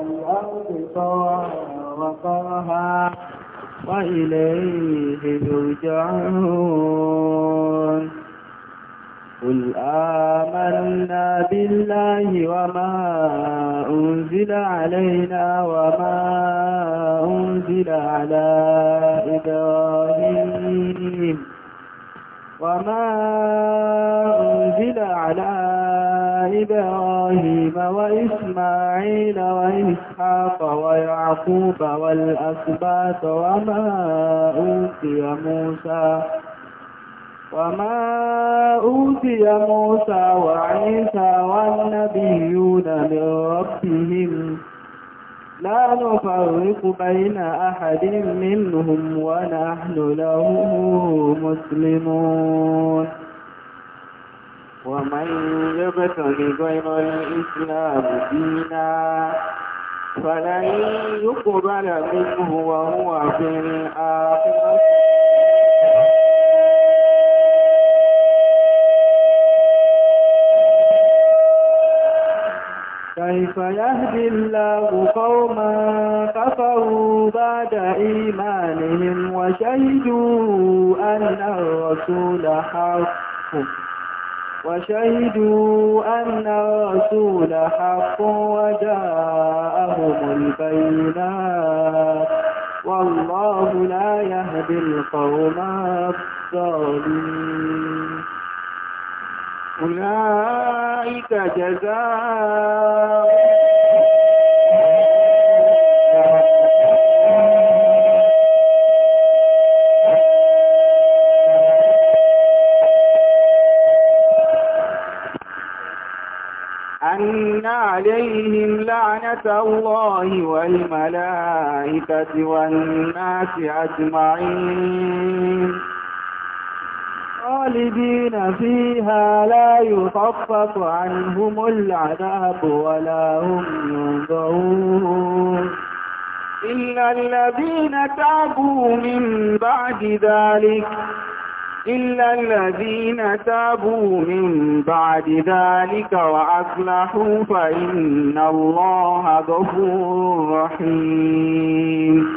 والأرض طوعا وكرها وإليه ترجعون قل آمنا بالله وما أنزل علينا وما أنزل على إبراهيم وما أنزل على وإبراهيم وإسماعيل وإسحاق ويعقوب والأسباط وما أوتي موسى وما أوتي موسى وعيسى والنبيون من ربهم لا نفرق بين أحد منهم ونحن له مسلمون ومن يبتغي غير الإسلام دينا فلن يقبل منه وهو في الآخرة كيف يهدي الله قوما كفروا بعد إيمانهم وشهدوا أن الرسول حق وشهدوا أن الرسول حق وجاءهم البينات والله لا يهدي القوم الظالمين أولئك جزاؤهم عليهم لعنة الله والملائكة والناس أجمعين خالدين فيها لا يخفف عنهم العذاب ولا هم ينظرون إلا الذين تابوا من بعد ذلك إلا الذين تابوا من بعد ذلك وأصلحوا فإن الله غفور رحيم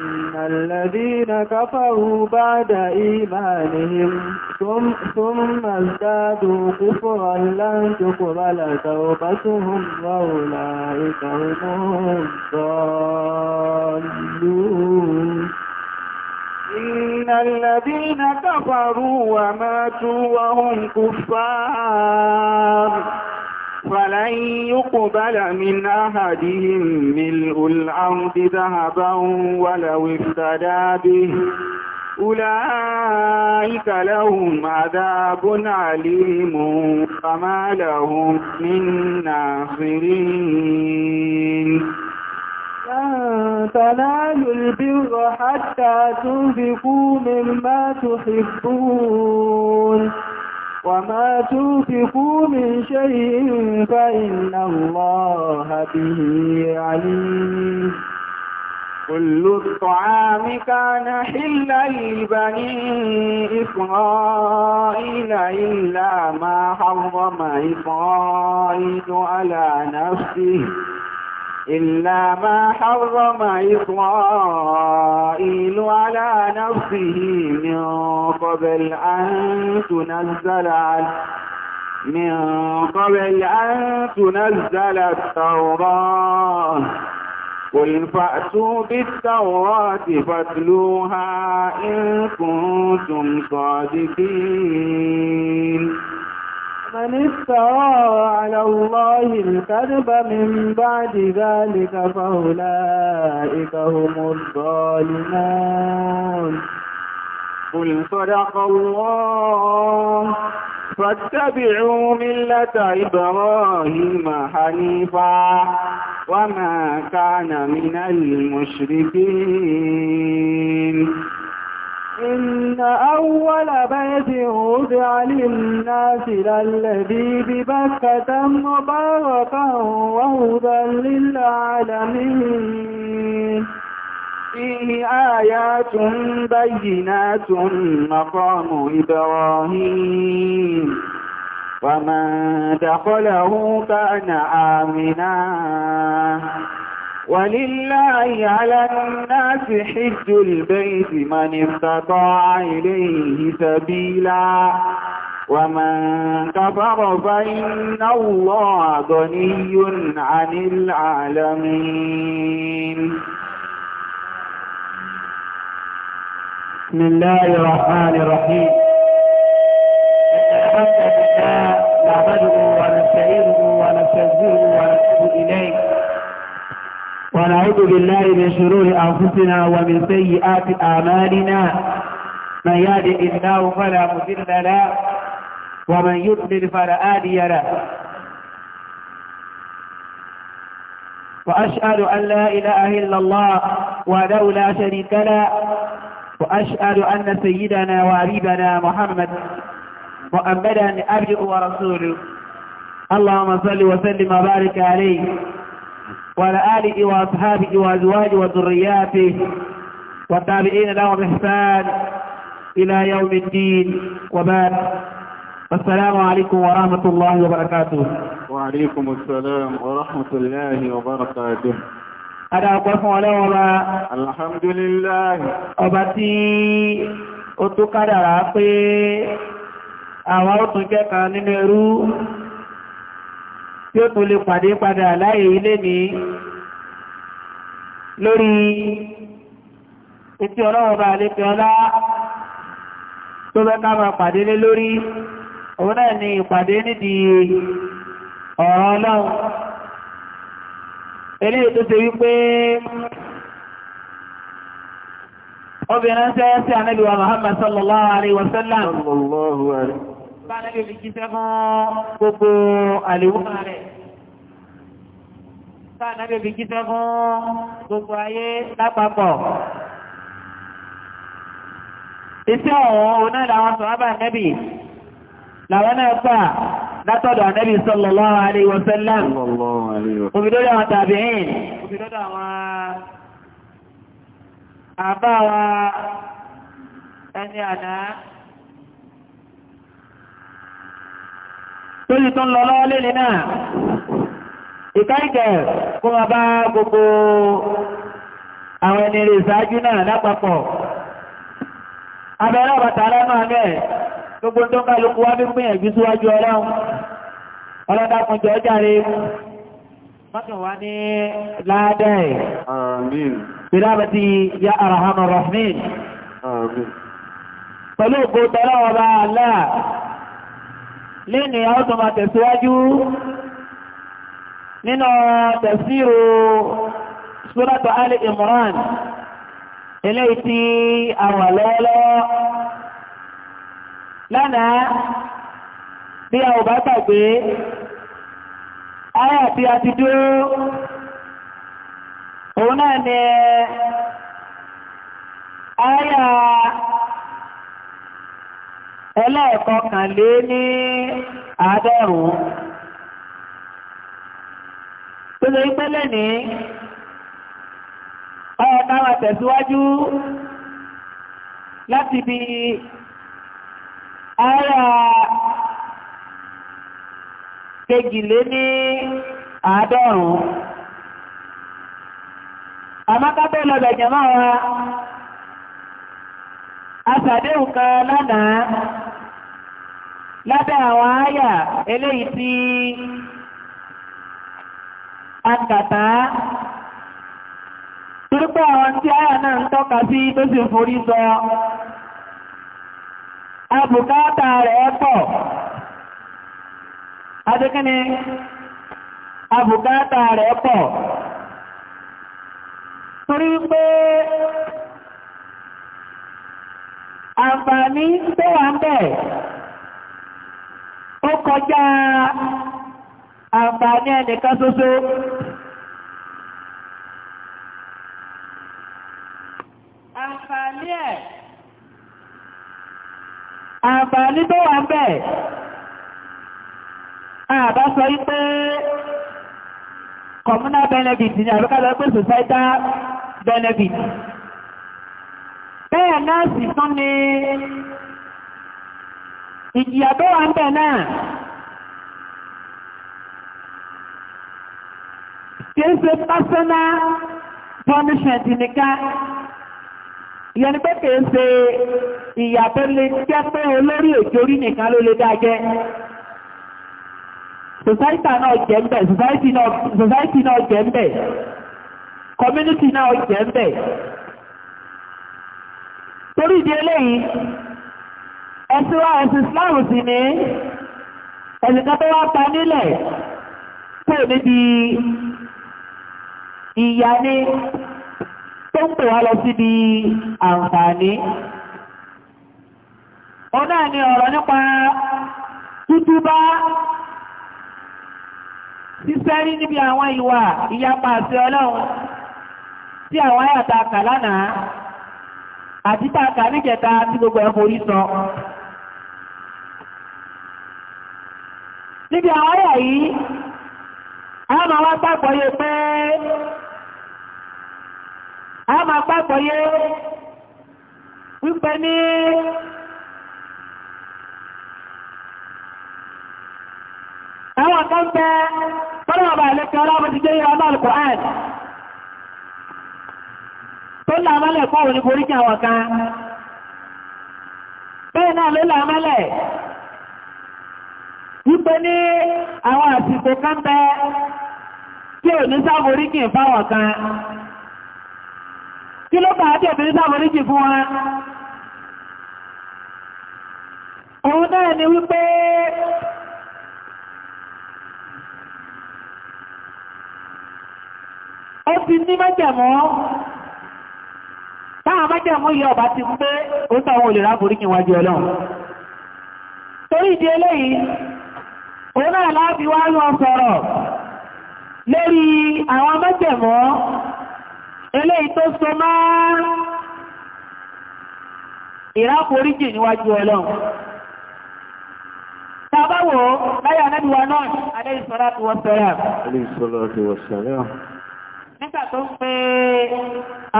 إن الذين كفروا بعد إيمانهم ثم, ازدادوا كفرا لن تقبل توبتهم وأولئك هم الضالون إن الذين كفروا وماتوا وهم كفار فلن يقبل من أحدهم ملء الأرض ذهبا ولو افتدى به أولئك لهم عذاب عليم فما لهم من ناصرين لن تنالوا البر حتى تنفقوا مما تحبون وما تنفقوا من شيء فإن الله به عليم كل الطعام كان حلا لبني إسرائيل إلا ما حرم إسرائيل على نفسه إلا ما حرم إسرائيل على نفسه من قبل أن تنزل من قبل أن تنزل التوراة قل فأتوا بالتوراة فاتلوها إن كنتم صادقين من افترى على الله الكذب من بعد ذلك فأولئك هم الظالمون قل صدق الله فاتبعوا ملة إبراهيم حنيفا وما كان من المشركين إن أول بيت وضع للناس للذي ببكة مباركا وهدى للعالمين فيه آيات بينات مقام إبراهيم ومن دخله كان آمنا ولله على الناس حج البيت من استطاع إليه سبيلا ومن كفر فإن الله غني عن العالمين بسم الله الرحمن الرحيم إن الحمد لله نعبده ونستعينه ونستهديه ونعوذ بالله من شرور أنفسنا ومن سيئات أعمالنا من يهد الله فلا مضل له ومن يضلل فلا هادي له وأشهد أن لا إله إلا الله وحده لا شريك له وأشهد أن سيدنا وحبيبنا محمد محمدا عبده ورسوله اللهم صل وسلم وبارك عليه وعلى آله وأصحابه وأزواجه وذرياته والتابعين لهم إحسان إلى يوم الدين وبعد السلام عليكم ورحمة الله وبركاته وعليكم السلام ورحمة الله وبركاته Adá ọ̀pọ̀ fún ọlọ́wọ́ bá. Alhamdulillah. Ọba tí ó tó kádàrá pé àwọn tí ó tó lè pàdé padà láyé ilé ní lórí etí ọlọ́wọ́ bá lè fi ọlá tó bẹ́ ká máa pàdé ní lórí òun náà ni ìpàdé nídìí ọ̀rọ̀ ọlọ́run eléyìí tó ṣe wípé obìnrin ṣe sí anábíwa mohamed Muhammad sallallahu alaihi wasallam bára lè fi jíṣẹ́ fún gbogbo àlèwúmà rẹ̀ bára lè fi jíṣẹ́ fún gbogbo ayé lápapọ̀ iṣẹ́ ọ̀wọ́n oná làwọn sọ̀rọ̀bà nẹ́bì làwọn náà gbà látọ̀dọ̀ nẹ́bì sallallahu alaihi wa sallam òbídọ́dọ̀ àwọn tàbíyìn òbídọ́dọ̀ àwọn àbáwa ẹni àná tóyí tó ń lọ lọ́wọ́ lè nínà ìkáìkẹ̀ kó wọ́n bá gbogbo àwọn ẹni rẹ̀ ìsáájú náà lápapọ̀ abẹ́rẹ́ ọ̀bàtà aláàmà mẹ́ gbogbo tó ń kálukú wá bí gbìyànjú síwájú ọlọ́run ọlọ́dàkùnjẹ́ ọjàre mọ́tò wá ní ládẹ́ àmín ìrábàtí ya arhamar rahimin pẹ̀lú ògbó bá aláà lẹ́ni a ó tó máa tẹ̀síwájú nínú tẹ̀síro suratu Ali Imran eléyìí tí a wà lọ́wọ́lọ́wọ́ lánàá bí a ò bá gbàgbé ayà tí a òun náà ni ayà ẹlẹ́ẹ̀kọkànlé ní àádọ́rùn-ún tó lè pẹ́lẹ̀ ní ọ̀ọ̀ká wà tẹ̀síwájú láti bí ara kejìlé ní àádọ́rùn-ún àmákábẹ́ lọ́bẹ̀ jẹ́mọ́ wa Àṣàdéhùn kan lánàá lábẹ́ àwọn àyà eléyìí tí a kàtà Torípọ̀ àwọn tí àyà náà ń tọ́ka sí tó sì forí sọ. Àbùkátà rẹ̀ pọ̀. Adékíní, àbùkátà rẹ̀ pọ̀. Torí àǹfààní tó wà ń bẹ̀ ó kọjá àǹfààní ẹnìkan ṣoṣo àǹfààní ẹ̀ àǹfààní tó wà ń bẹ̀ àbá sọ wípé communal benefit ni àbíkálẹ̀ pé societal benefit bẹ́ẹ̀ náà sì tún ni ìjìyà tó wà ń bẹ̀ náà kìí ṣe personal punishment nìkan ìyẹn pé kìí ṣe ìyà tó lè jẹ́ pé olórí èjórí nìkan ló lè dájẹ́ society náà jẹ́ ń society náà jẹ́ ń bẹ̀ community náà jẹ́ ń bẹ̀ torí ìdí eléyìí ẹ̀sìn wa ẹ̀sìn Islam sì ní ẹnìkan tó wá pa nílẹ̀ tó níbi ìyá ní tó ń pè wá lọ síbi àǹfààní òun náà ni ọ̀rọ̀ nípa tútúbá sísẹ́rí níbi àwọn ìwà ìyapa àti ọlọ́run tí àwọn ayàtà kà lánàá àti tààkà ní kẹta tí gbogbo ẹ̀kọ́ sọ níbi àwọn ayà yìí a máa wá pàpọ̀yé pé a máa pàpọ̀yé wípé ní àwọn kan fẹ́ tọ́lọ̀ ọba ìlẹ́kẹ́ ọlọ́mọdé jẹ́ ìrànlọ́ tó làmálẹ̀ kọ́ òní foríkì àwọn kan bẹ́ẹ̀ náà ló làmálẹ̀ wípé ní àwọn àsìkò kan bẹ tí ò ní fáwọn kan kí ló bá àti òfin sáforíkì fún òun náà ni wípé ó ti ní táwọn májẹ̀mú yẹ ọba ti pé ó sáwọn olè ráborí kí wájú ọlọ́run torí ìdí eléyìí òun náà láàbí wá yọ sọ̀rọ̀ lórí àwọn májẹ̀mú eléyìí tó so máa ìráforíjì níwájú ọlọ́run tàbáwò láyà náà wà náà alẹ́ ìsọ́lá nígbà tó ń pe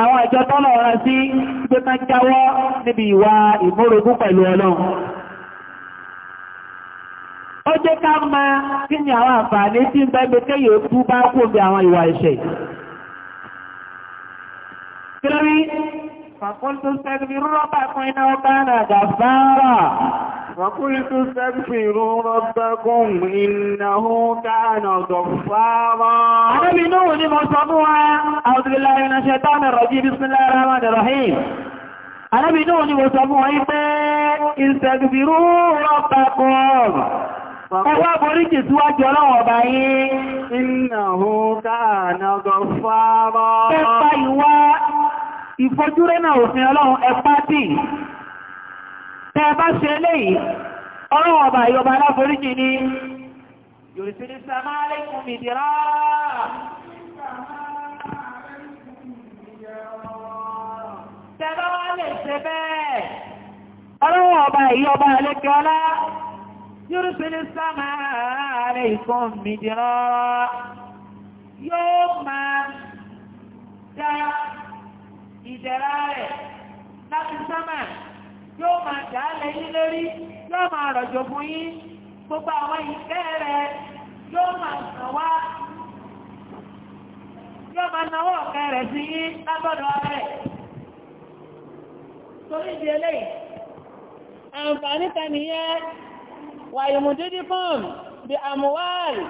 àwọn ìjọ tọ́lọ̀ ọ̀rọ̀ sí gbé tán jáwọ́ níbi ìwà ìmórogún pẹ̀lú ọlọ́run ó jẹ́ ká mọ̀ kí ni àwọn àǹfààní tí ń bẹ́gbẹ́ kéyò tú bá kó bí àwọn ìwà ìṣẹ̀ kí lórí fàkóntó fún iná ọba náà gàfárà وقلت استغفروا ربكم إنه كان غفارا أنا من نوني مصابوها أعوذ بالله من الشيطان الرجيم بسم الله الرحمن الرحيم أنا من نوني مصابوها استغفروا ربكم Ọwọ́ boríkì síwájú ọlọ́wọ̀ ọba yìí. Innahu kana ghaffara. Ẹpa ìwá ìfojúrénà òfin ọlọ́run ẹpá tí tẹ́ bá ṣe eléyìí ọ̀rọ̀ ọba ìyọba aláforíjì ni yorùsí ní sàmàlẹ́kùn mìdírà tẹ́ bá wá lè ṣe bẹ́ẹ̀ ọ̀rọ̀ ọba ìyọba alẹ́kẹ́ ọlá yorùsí ní sàmàlẹ́kùn yóò máa dá ìdẹ̀ra rẹ̀ láti sámà yóò máa dà á lẹ́yìn lórí yóò máa rọ̀jò fún yín gbogbo àwọn ìfẹ́ rẹ̀ yóò máa sàn wá yóò máa náwó ọ̀kẹ́ rẹ̀ sí yín lágbọ́dọ̀ rẹ̀ torí ìdí eléyìí àǹfààní tẹniyẹn wà ìmùdídí fún bí àmúwáàlì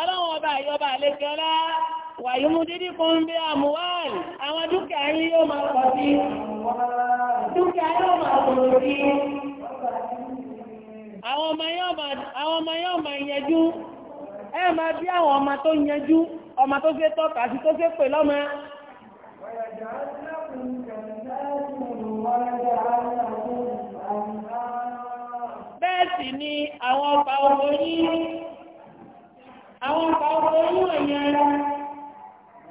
ọlọ́wọ́n ọba àyọba àlejò wà yóò mú dídí kan bí àmúwàl àwọn dúkìá yìí yóò máa pọ̀ sí dúkìá yóò máa pọ̀ sí àwọn ọmọ yóò máa yẹjú ẹ máa bí àwọn ọmọ tó yẹjú ọmọ tó fẹ́ tọ́ka àti tó fẹ́ pè lọ́mọ bẹ́ẹ̀ ni àwọn ọba ọmọ yìí àwọn ọba ọmọ yìí wọ̀nyẹn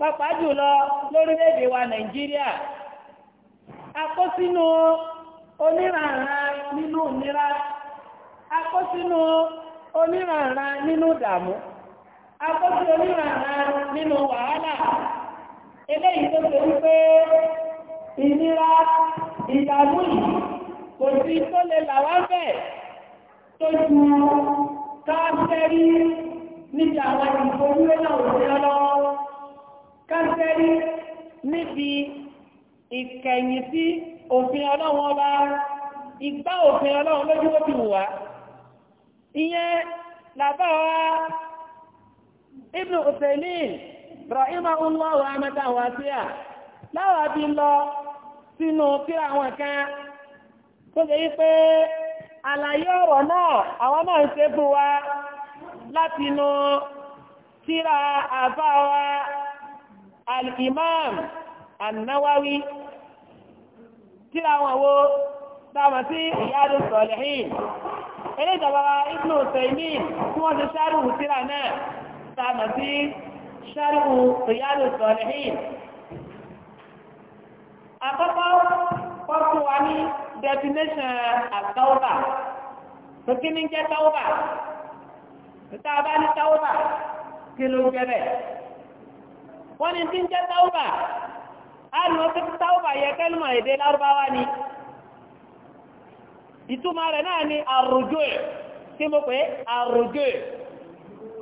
pàápàá jùlọ lórílẹ̀‐èdè wa nàìjíríà a kó oníranra nínú ìnira a oníranra nínú ìdààmú a kó oníranra nínú wàhálà eléyìí tó ṣe wípé ìnira ìdààmú yìí kò sí tó lè tó ju káfẹ́rí níbi àwọn òṣèlú káńtẹ́rí níbi ìkẹ̀yìn sí òfin ọlọ́run ọba ìgbá òfin ọlọ́run lójú ó ti wà ìyẹn làbá wa ibnu Uthaymeen rọ̀ímọ̀ ńlọ wà mẹ́ta wà sí à láwà bí lọ sínú tíra àwọn kan tó lè pé àlàyé ọ̀rọ̀ náà àwọn náà ń ṣe fún wa látinú tíra àbá wa al-imam an-nawawi tí àwọn wo dáwọn sí ìyáàdù sọ̀lẹ̀hìn ilé ìjọba ibn Uthaymeen tí wọ́n ti ṣáàrùn tíra náà dáwọn sí ṣáàrùn ìyáàdù sọ̀lẹ̀hìn àkọ́kọ́ fọ́fún wa ní definition àtọ́wà tó kí ní jẹ́ tọ́wà wọ́n ní tí ń jẹ́ táwùbà á lọ sí táwùbà yẹ kẹ́lùmọ̀ èdè lárúbáwá ni ìtumọ̀ rẹ̀ náà ni àrùjò tí mo pé àrùjò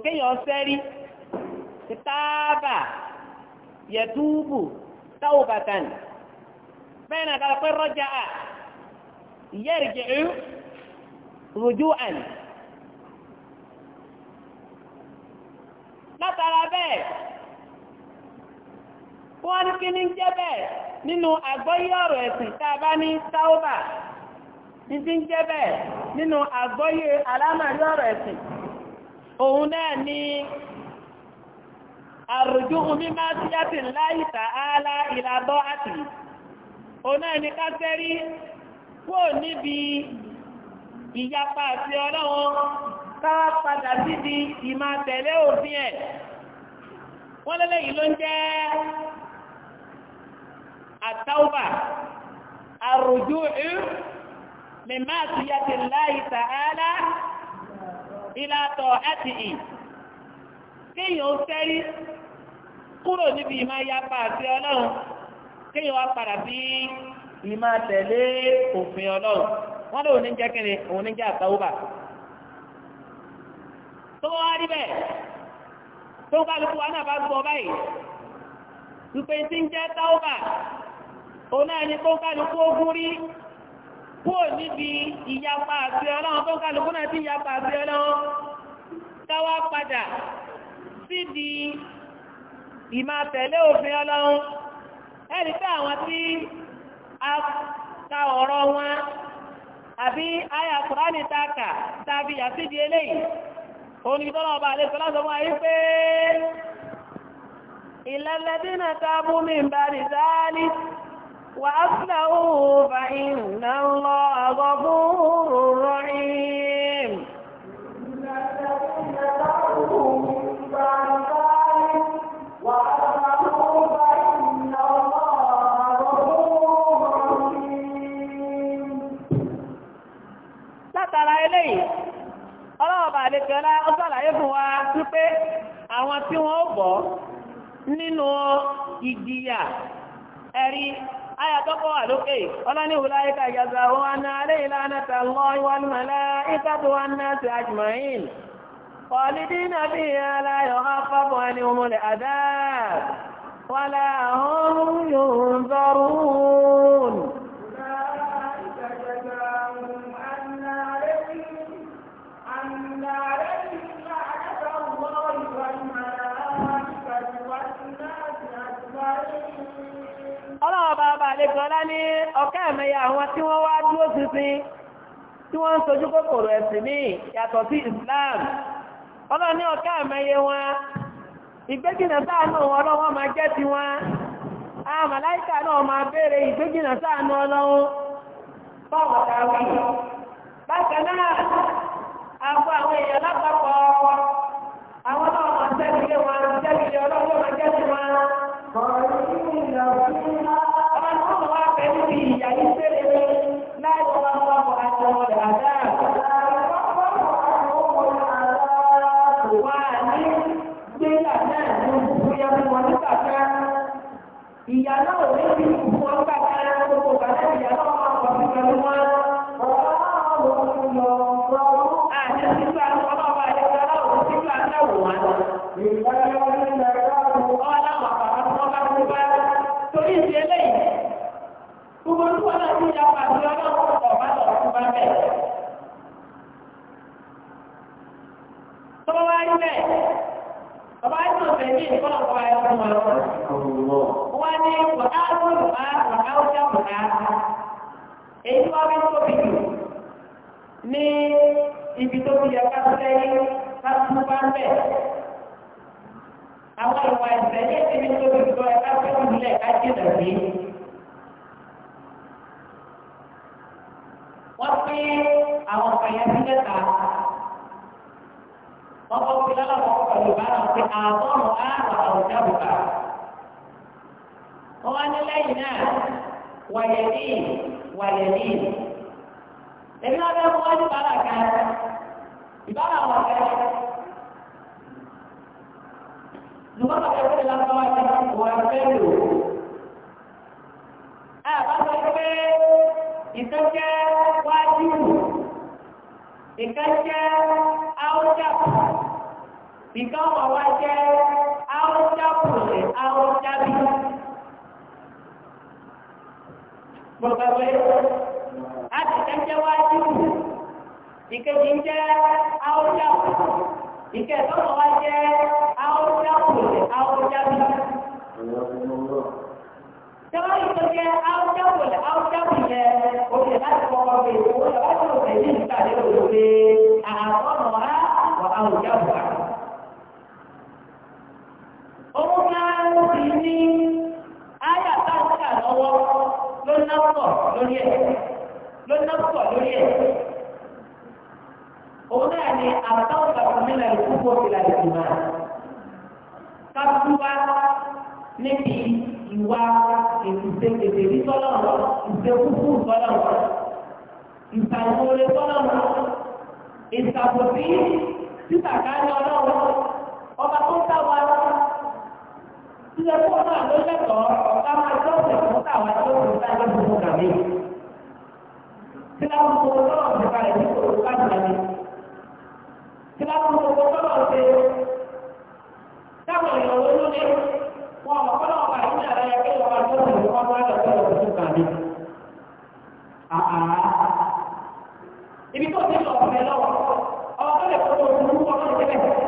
kéèyàn sẹ́rí táàbà yẹ̀túbù táwùbàtàn bẹ́ẹ̀ náà kàlọ́ pé rọ́jà à yẹ́rìjẹ̀ rùjú àn látara bẹ́ẹ̀ wọ́n ní kí ní jẹ́ bẹ́ẹ̀ nínú àgbọ́yé ọ̀rọ̀ ẹ̀sìn tá a bá ní táúbà ní jẹ́ bẹ́ẹ̀ nínú àgbọ́yé alámàrí ọ̀rọ̀ ẹ̀sìn òun náà ni àrùjúhun mímá sí yàtì láì tààlà ìlàbọ́ àti òun náà ni káfẹ́rí kúrò níbi ìyapa àti ọlọ́run káwá padà síbi ìmá tẹ̀lé òfin ẹ̀ wọ́n lélẹ́yìí ló ń jẹ́ àtàwùbà àrùjú mímá àtúnyàtì láì tààlà ìlàtọ̀ àti ì kéèyàn ó sẹ́rí kúrò níbi ìmọ̀ yapa àti ọlọ́run kéèyàn wá padà bí ìmọ̀ tẹ̀lé òfin ọlọ́run wọ́n lè òní jẹ́ kíni òní jẹ́ àtàwùbà tó wá rí bẹ́ẹ̀ tó kálukú wa náà bá gbọ́ báyìí wípé ń jẹ́ táwùbà òun náà ni tó kálukú ogun rí níbi ìyapa àti ọlọ́run tó kálukú náà ti ìyapa àti ọlọ́run káwá padà sídi ìmá tẹ̀lé òfin ọlọ́run àwọn tí a ta ọ̀rọ̀ wọn àbí àyà kùránì tààkà tàbí eléyìí ọba fún وأصلحوا فإن الله غفور العباد والناس أجمعين خالدين فيها لا يخفف عنهم العذاب ولا هم ينظرون أولئك جزاؤهم أن عليهم أن عليهم لعنة الله والملائكة والناس أجمعين ọlọ́wọ́ bàbá àlejò ọlá ní ọ̀kẹ́ ẹ̀mẹ́yà àwọn tí wọ́n wá dúró sísìn tí wọ́n ń sojú kòkòrò ẹ̀sìn ní yàtọ̀ sí Islam ọlọ́ni ọ̀ká àmẹ́yẹ wọn ìgbéjìnà sáànù ọlọ́wọ́ ma jẹ́ ti wọn a màláìkà náà ma bèèrè ìgbéjìnà sáànù ọlọ́wọ́ wọn ọlọ́wọ́ ìyá náà ní bí wọn gbà kára gbogbo bàtà ìyá náà máa pọ̀ sí pẹ̀lú wọn. ọ̀gá àwọn ọmọ ọmọ àti sísá ọlọ́ọ̀bá ẹ̀ka náà ò sí pẹ̀lú àtẹ̀wò wọn. ọlọ́mọ bàbá tí wọ́n bá ti bá torí ìdí eléyìí gbogbo tí wọn náà ti yà pàṣẹ ọlọ́run ọ̀bá lọ́ọ̀ tó bá bẹ̀. tọ́wọ́ wá rí bẹ́ẹ̀ ọba ẹ̀sìn ọ̀sẹ̀ ní ìkọlọ̀ ọba ẹ̀sìn wọn ní wàhálùmá wàhálùmá èyí wọ́n fi tóbi jù ní ibi tó fi yẹ ká sẹ́yìn ká tún bá ń bẹ̀. àwọn ìwà ẹ̀sẹ̀ ní ètò ibi tóbi jù lọ ká fẹ́ ìdílé ká jìnà sí. wọ́n pín àwọn ọ̀pẹ̀yẹ sí mẹ́ta wọ́n kọ́ sí lọ́lọ́wọ́ pẹ̀lú bá náà pé àwọn ọmọ àrùn àwùjá wọ́n ní lẹ́yìn náà wàyẹ̀dì wàyẹ̀dì. èmi náà bẹ́ẹ̀ mú wá ní bàbá kan ìbára wọn kẹ́. Nùgbọ́n bàbá ìwé lásán wá ní wọ́n fẹ́ lò. Ẹ bá sọ pé ìtọ́jẹ́ wájú ìkẹ́jẹ́ áwọ́jápù ìkọ́wọ̀ wá jẹ́ áwọ́jápù rẹ̀ Bukan boleh. Akan jawab Jika jinja, aku jawab. Jika kau wajib, aku jawab. Aku jawab. Jawab itu dia, aku jawab. Aku jawab. Okey, nak kau kau beri. Kau nak kau beri. Jika dia beri, aku mohon, aku jawab. Omongan ini. ló ná pọ̀ lórí ẹ̀ ló ná pọ̀ lórí ẹ̀ òun náà ni àbáwọn bàbá mi lẹ́nu púpọ̀ sí la lè fi máa kápúwá níbi ìwà ìfìsèkèdè ní tọ́lọ́rọ̀ ìfẹ́kúkú tọ́lọ́rọ̀ ìtàwọlé tọ́lọ́rọ̀ ìtàbòsí títàkáyọ̀ ọlọ́rọ̀ ọba tó ń táwa Ilé ẹ̀kọ́ náà ló lẹ́tọ̀ọ́ ọ̀ká máa tó ọ̀sẹ̀ fún káwọn tó kù sáré gbogbo kàmí. Kíláàmù tó lọ́wọ́ ti kalẹ̀ ní kòrò káàkiri àmì. Kíláàmù tó lọ́wọ́ ti káwọn èèyàn ló lóde. Wọ́n ọ̀kọ́ náà wà ní ìlànà yẹn kí wọ́n máa tó ọ̀sẹ̀ fún ọmọ ẹ̀rọ tó lọ́wọ́ tó kàmí. Ibi tó ti lọ ọ̀sẹ̀ lọ́wọ́, ọ̀kọ́ lè kọ́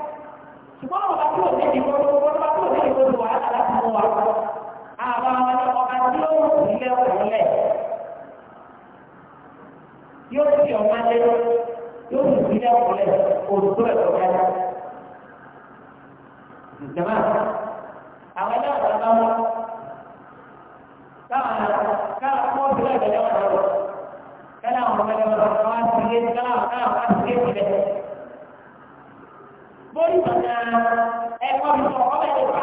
yóò fi ọ̀gá lẹ́nu yóò fi ìdílé ọ̀pọ̀lẹ̀ òdòdó ẹ̀kọ́ lẹ́nu. Ìjọba àwọn ẹ̀dá àgbàgbà wọn káwọn káwọn kọ́ ìdílé ẹ̀dá wọn lọ. Kálá àwọn ọmọ ẹ̀dá wọn lọ wá sí ilé kálá àwọn káwọn wá sí ilé ìbílẹ̀. Bóyí sọ̀nà ẹ̀kọ́ mi sọ ọ̀bẹ lè wá.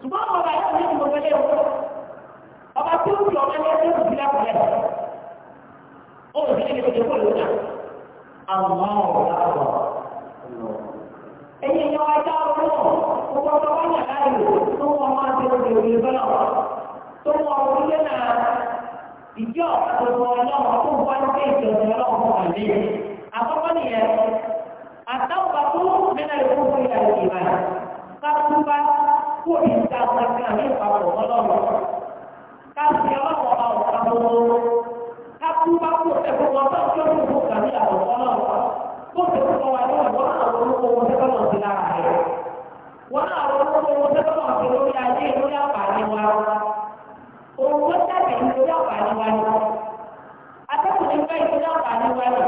Ṣùgbọ́n ọba yóò ní ìmọ̀gbẹ́lẹ́ ọba tí ó fi ọ̀gá lẹ́nu yóò fi Allah bisa kita jumpa dulu Allah Allah Allah Ini yang kita tahu Bukan banyak lagi Semua mati pun dia boleh belah Semua pun dia nak Ijab semua Allah Aku buat kerja dengan Allah Apa Apakah ya? Atau batu menarik kubur yang Satu kan, ku bisa berkenaan kepada Allah. Kasih Allah, Allah, Allah, lára rẹ̀. Wọ́n náà wọ́n tó owó tó bá wọn lórí ayé lórí àǹfààní wa. Owó tó tẹ̀lé lórí àǹfààní wa ni. Atẹ́kùn ní fẹ́ ìlú àǹfààní wa ni.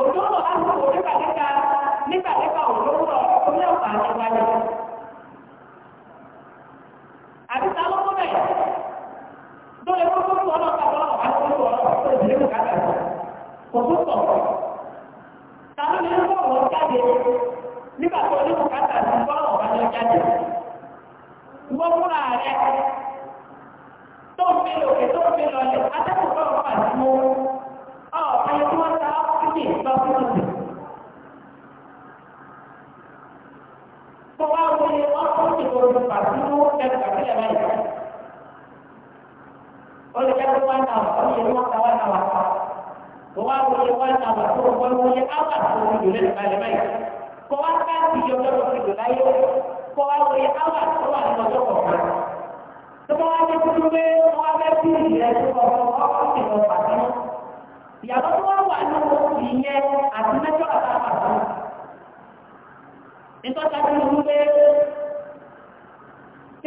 Òjò lọ láti wò nígbàdégbà nígbàdégbà òjò lọ lórí àǹfààní wa ni. ti koro tó pàtó ní wọ́n kẹ́ kàtó yàrá yìí. ó lè kẹ́kọ̀ọ́ wá náà wà ó yẹ wọ́n ká wá náà wà ká. kò wá wọ́n yẹ wá náà wà tó wọ́n wọ́n yẹ áwà tó wọ́n yòlẹ́ nípa yàrá yìí. kò wá ká ti yọ ọjọ́ tó yòlá yẹ kò wá wọ́n yẹ áwà tó wà ní ọjọ́ kọ̀ọ̀kan. tó bá wá lẹ́kú tó pé wọ́n wá fẹ́ bí ìrẹ́ tó kọ̀ọ̀kan ọ ìyàtọ̀ tó wá wà nínú ìyẹn àti mẹ́tọ́ àtàkàtà nítorí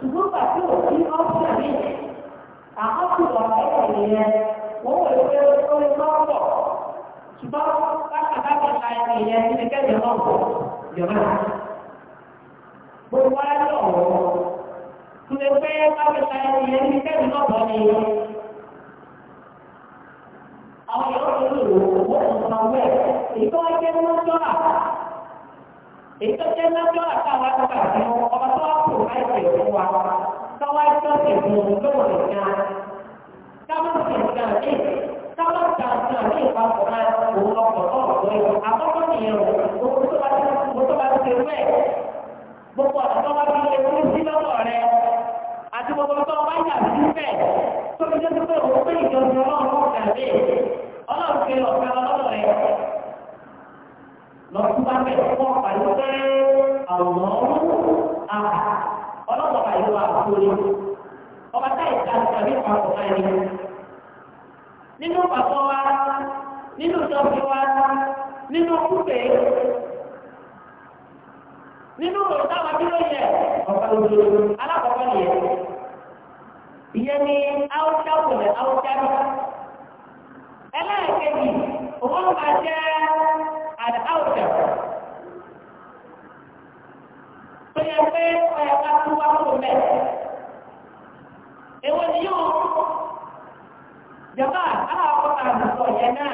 如果是我提高下面，然后是我来我爷，我我就会稍微高过，是吧？刚才刚才来你呢，你们该有到我，有没有？不关照我，因为非刚才来你呢，你该有到我你。àwọn èèyàn ti rí ìwò owó ìsọ̀nà wẹ̀ èyí tó wá jẹ́ lọ́jọ́ àtà èyí tó jẹ́ lọ́jọ́ àtà wá tó bàjẹ́ wọn. àwọn tó wá kò láì tẹ̀ fún wa káwá tó tẹ̀ fún ní káwá tẹ̀ nǹkan ní ààrà ọlọ́pàá ìlú àkókò ni ọba táyì ká tàbí ọkọ̀ ẹni. nínú pàpọ̀ wa nínú ìjọba wa nínú kúkẹ́ nínú táwọn bí ló yẹ ọ̀pá òjò alákọ̀ọ́kọ́ nìyẹn. ìyẹn ni áwùjá òkùnrin áwùjá náà. ẹlẹ́ẹ̀kejì òun máa jẹ́ àdáwùjá. yẹ pé ọyọ ká tún wá kó mẹ. Èwo ni yóò jọba àwọn akọ́ta àgùntàn yẹn náà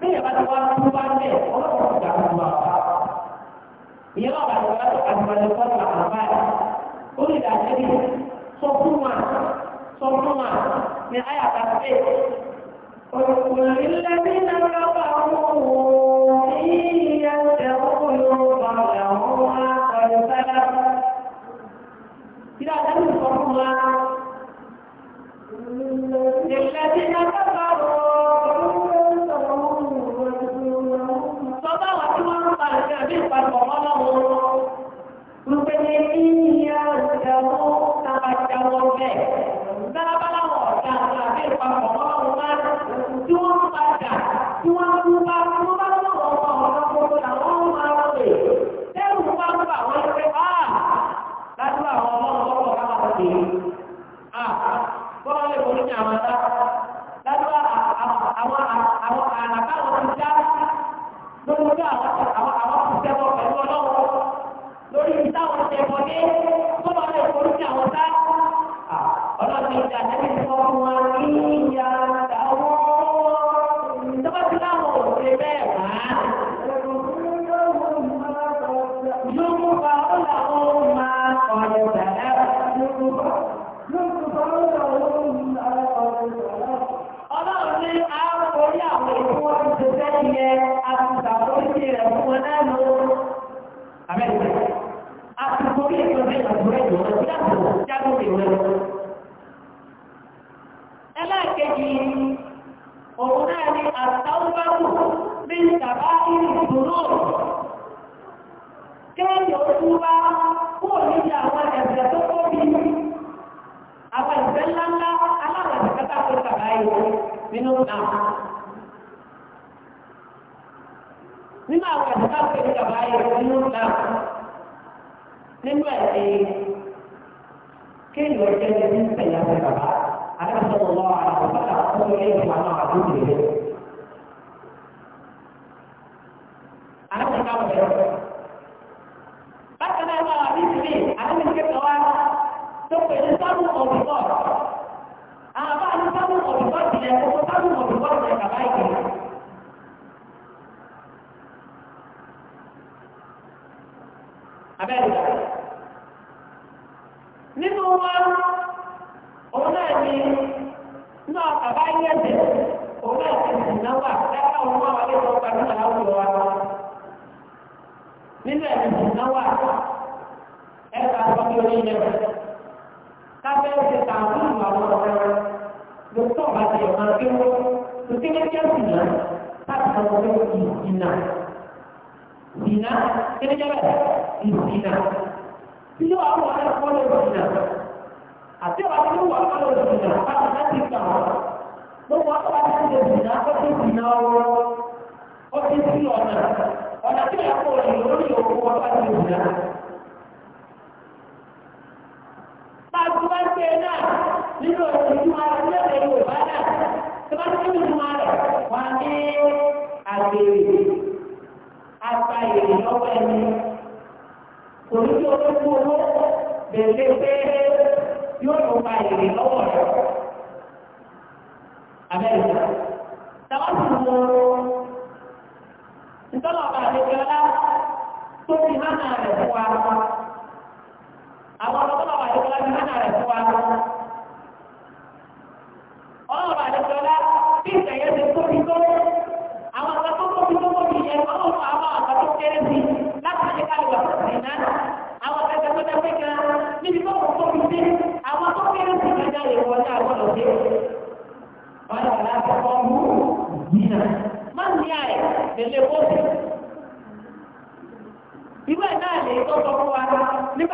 bí ìyàbá ti wá tún wá mẹ ọlọ́pàá ti gbà tún wá. Ìyẹn náà bàtà wá tó àgbàdo fọ́ọ̀tù àkàbà olùdásí ni sọ fún wa sọ fún wa ní àyàtà pé olùkùnrin lẹ́bí náà lọ́pàá ọmọ òun ní. rẹ̀ lábábá wọn ọ̀dà àti àbí ìpapọ̀ ọlọ́run máa tí wọ́n ń padà tí wọ́n ń bá tí wọ́n bá lọ́wọ́ ọmọ ọ̀dọ́ gbogbo làwọn ń máa ń pè lẹ́rù bá ń bà wọ́n pé á lájú àwọn ọlọ́run lọ́wọ́ bá wọn pè á bọ́lá lè borí ní àwọn ọ̀dá lájú àwọn àwọn àlàkà wọn ti dá lórí àwọn àwọn àwọn ti tẹ́wọ́ pẹ̀lú ọlọ́run lórí ìtàwọn tẹ́wọ́ dé. မိမကတောက်ကိကဘာရဲ့ဘုံလုံးကနင်းမဲ့တဲ့ကိလို့တဲ့ဒီပြန်ရတဲ့ကဘာအရဟံမောလာဘုရားဘုရားရဲ့ဘာသာဘုရားအရဟံမောလာ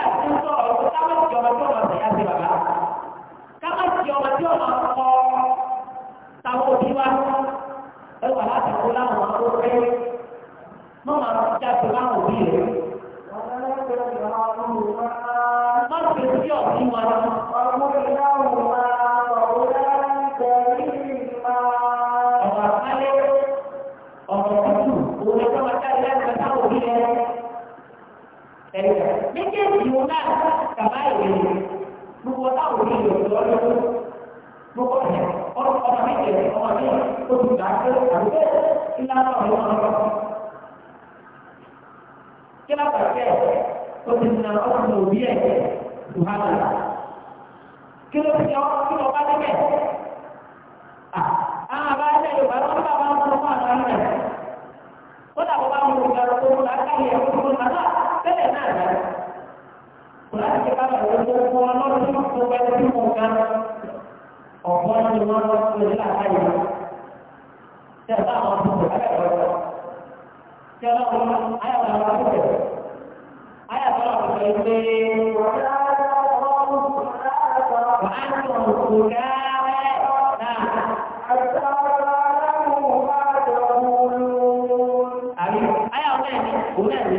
nígbà tí ó sọ̀rọ̀ ó sábà jọmọjọmọ táwọn kí ló ti yọ bá ti mú ká ọ̀pọ̀ ni wọ́n lọ sí ilé àbáyé tí a bá wọn tó tẹ̀ láyé ọ̀rọ̀ tí a lọ́wọ́ ayé àwọn àwọn àbúrò ayé àwọn àbúrò ìgbé wà á tó òkú rárẹ̀ náà. Àyà ọ̀rẹ́ mi, òun náà ni.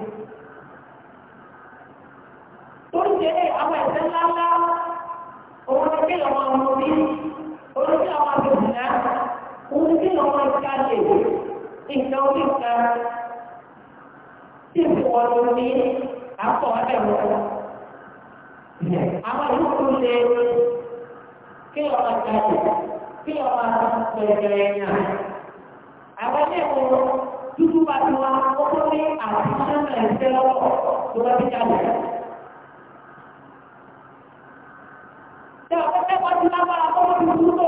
tí wọ́n ló ní àpọ̀ ẹ̀rọ àwọn ìlú tó lé e. kí ọmọ jáde kí ọmọ pẹ̀lẹ́ yàn àwọn ẹ̀rọ dúdú bá ti wá ó tó ní àwọn ìṣẹ́nà lọ́wọ́ tó bá ti jáde. Ṣé ọ̀pẹ́ tẹ́kọ̀ọ́ ti lágbára kọ́kọ́ ti dúró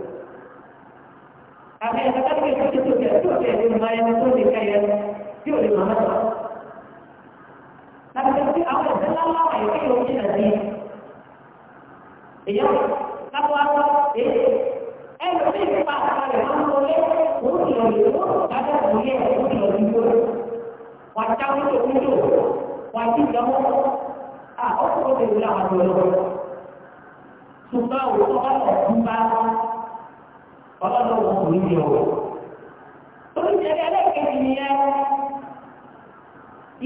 Tapi yang kata kita itu sudah itu dia di rumah yang itu di kaya itu di mana tu? Tapi tapi awal dalam lama itu yang kita nanti. Iya, kalau apa? Eh, eh, ini pasal yang mana boleh? Mungkin itu ada boleh, mungkin itu. Wajah itu itu, wajib kamu. Ah, aku boleh bilang aku dulu. Sumpah, aku akan sumpah ọlọ́dọ̀ wọn kò ní jẹ ọ̀rọ̀. oríṣiríṣi ẹlẹ́kẹ̀ẹ́ nìyẹn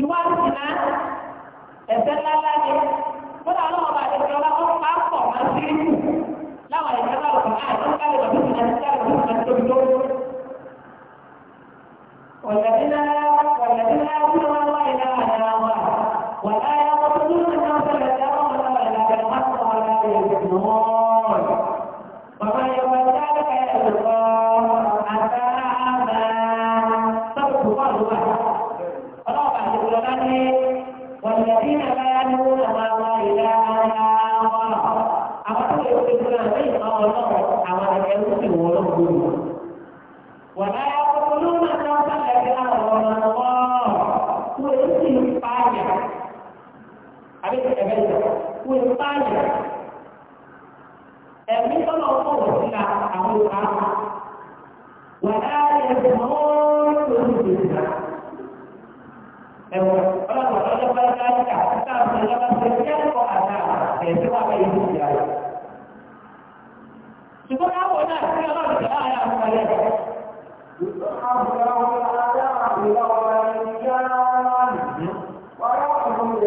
ìwà ìsìnà ẹ̀sẹ̀ ńláńlá ni kódà ọlọ́wọ́ bá ti jọba ó pa pọ̀ ولا يقولون سوف الذي أعظم الله هو اسم إسبانيا عرفت يا بنت هو إسبانيا أمي طلع صوت إلى أقول ولا يسمعون كل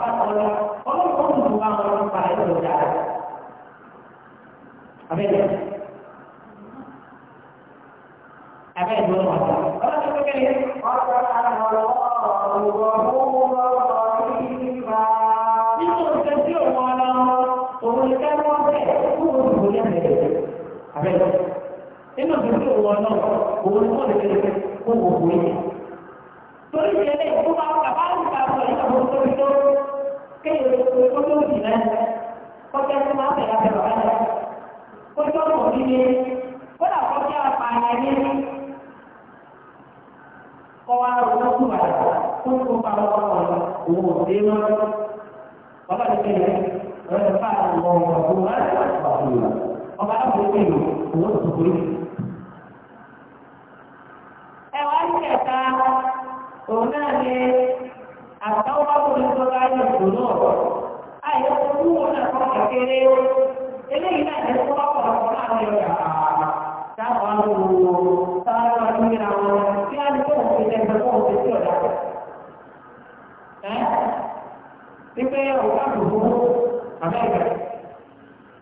bá ọlọ́run ó dùn bá wọn lọ pa ẹ̀rọ ìjà rẹ̀. abẹ́rẹ́ abẹ́rẹ́ ló ń wọ̀ ọlọ́run tó kékeré ọ̀rọ̀ àwọn ọ̀rọ̀ ọ̀rọ̀ nínú ìṣe tí òun ọ̀nà òun ní ká wọ́n bẹ̀ fún òun kò ní àbẹ̀rẹ̀ abẹ́rẹ́ nínú ìṣe tí òun ọ̀nà òun ní wọ́n lè fẹ́ fún òun kò ní. òun ò dé mọ́ ọba ti kí ẹ ọ̀rẹ́ fà àwọn ọmọ ọ̀gbọ́n wọn láti wà nípa òun ìwà ọba láti kí ẹ òun tó kúrò. ẹ wá sí ẹ̀ka òun náà ní àtàwọn akọ̀lẹ́sọ láyé ìdùnnú àyè owó wọn náà kọ́ kékeré eléyìí náà jẹ́ kó bá pọ̀ lọ́kọ́ láàrin ọ̀yà táwọn àwọn olùwò táwọn ọmọ pípé ọ̀gá àtòkòwò amẹ́ríkà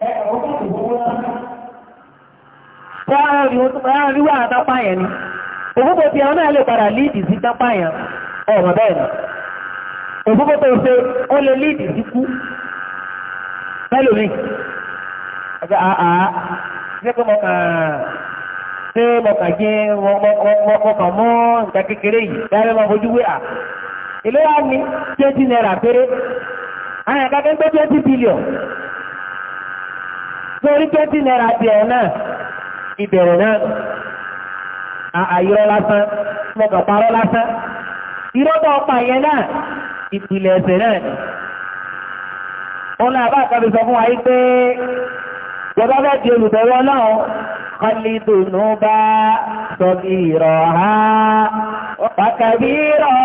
ẹ ọ̀gá àtòkòwò náà. Rárá rí wà tápá yẹn ni. Òfúfo ti àwọn náà lè padà líìdì sí tápá yẹn. Ọ̀rọ̀ bẹ́ẹ̀ ni. Òfúfo tó ṣe ó lè líìdì sí kú. Mẹ́lòmíì. Ọ̀gá àá ṣé kí mo kàn ṣé mo kàn jẹ́ mo kàn mú nǹkan kékeré yìí. Dáre máa fojú wé à èlé wá ní twenty naira péré àwọn ẹ̀ka kẹ́ ń gbé twenty billion torí twenty naira tiẹ̀ náà ìbẹ̀rẹ̀ náà àyọ̀ lásán mọ̀kàn parọ́ lásán ìrọ́bọ̀ ọ̀pá yẹn náà ìpìlẹ̀ ẹ̀sẹ̀ náà ni wọn náà bá àkàbí sọ fún wa yìí pé bàbá bẹ́ẹ̀ di olùbẹ̀wọ̀ náà kọ́lí dùnú bá sọ bí ìrọ̀ ha. وكبيرا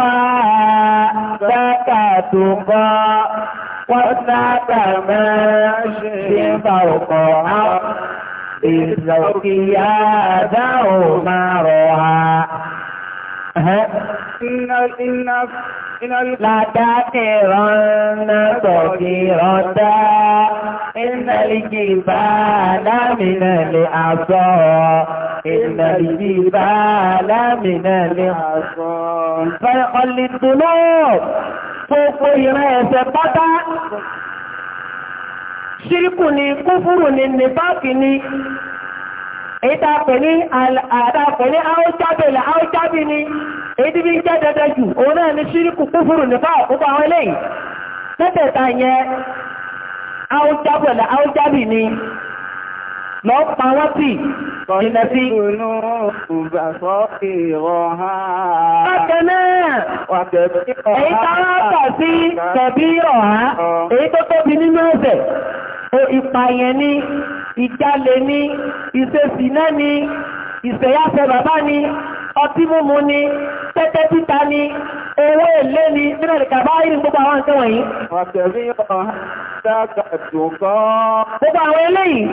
فكتقى وثبت ماشي فوقها بالزوكية ذو مرها إن إن Látàkìrọ́nà tọ̀kìrọ́dá, ìnàlìkì bá lámìnà lè àṣọ, ìnàlìkì bá lámìnà lè àṣọ. Fẹ́kọ̀lì dùnú, gbogbo ìran ẹ̀ṣẹ̀ pátá. Ṣíríkù ni, kúfúrù ni, nìfáàkì ni, èyí tàpẹ̀ ní àdápẹ̀ ní áójábẹ̀ lẹ́ áójábẹ̀ ni èdè bí ń jẹ́ dandan jù òun náà ni ṣíríkù kúfùrù nípa ọ̀pọ̀pọ̀ àwọn eléyìí tẹ́tẹ̀ẹ̀ta yẹn áújábọ̀lá áújábì ni lọ pa wọ́n tì ìlẹ̀ sí. Ìrònú ìgbàsọ́ ìrọ̀ ni ìjálè ni bàbá ni ọtí múmu ni tẹ́tẹ́ títa ni owó èlé ni nínú ẹ̀rẹ̀kà bá ìrìn gbogbo àwọn nǹkan wọ̀nyí. ọ̀tẹ̀rí ọ̀dáka ìdùnkọ́. gbogbo àwọn eléyìí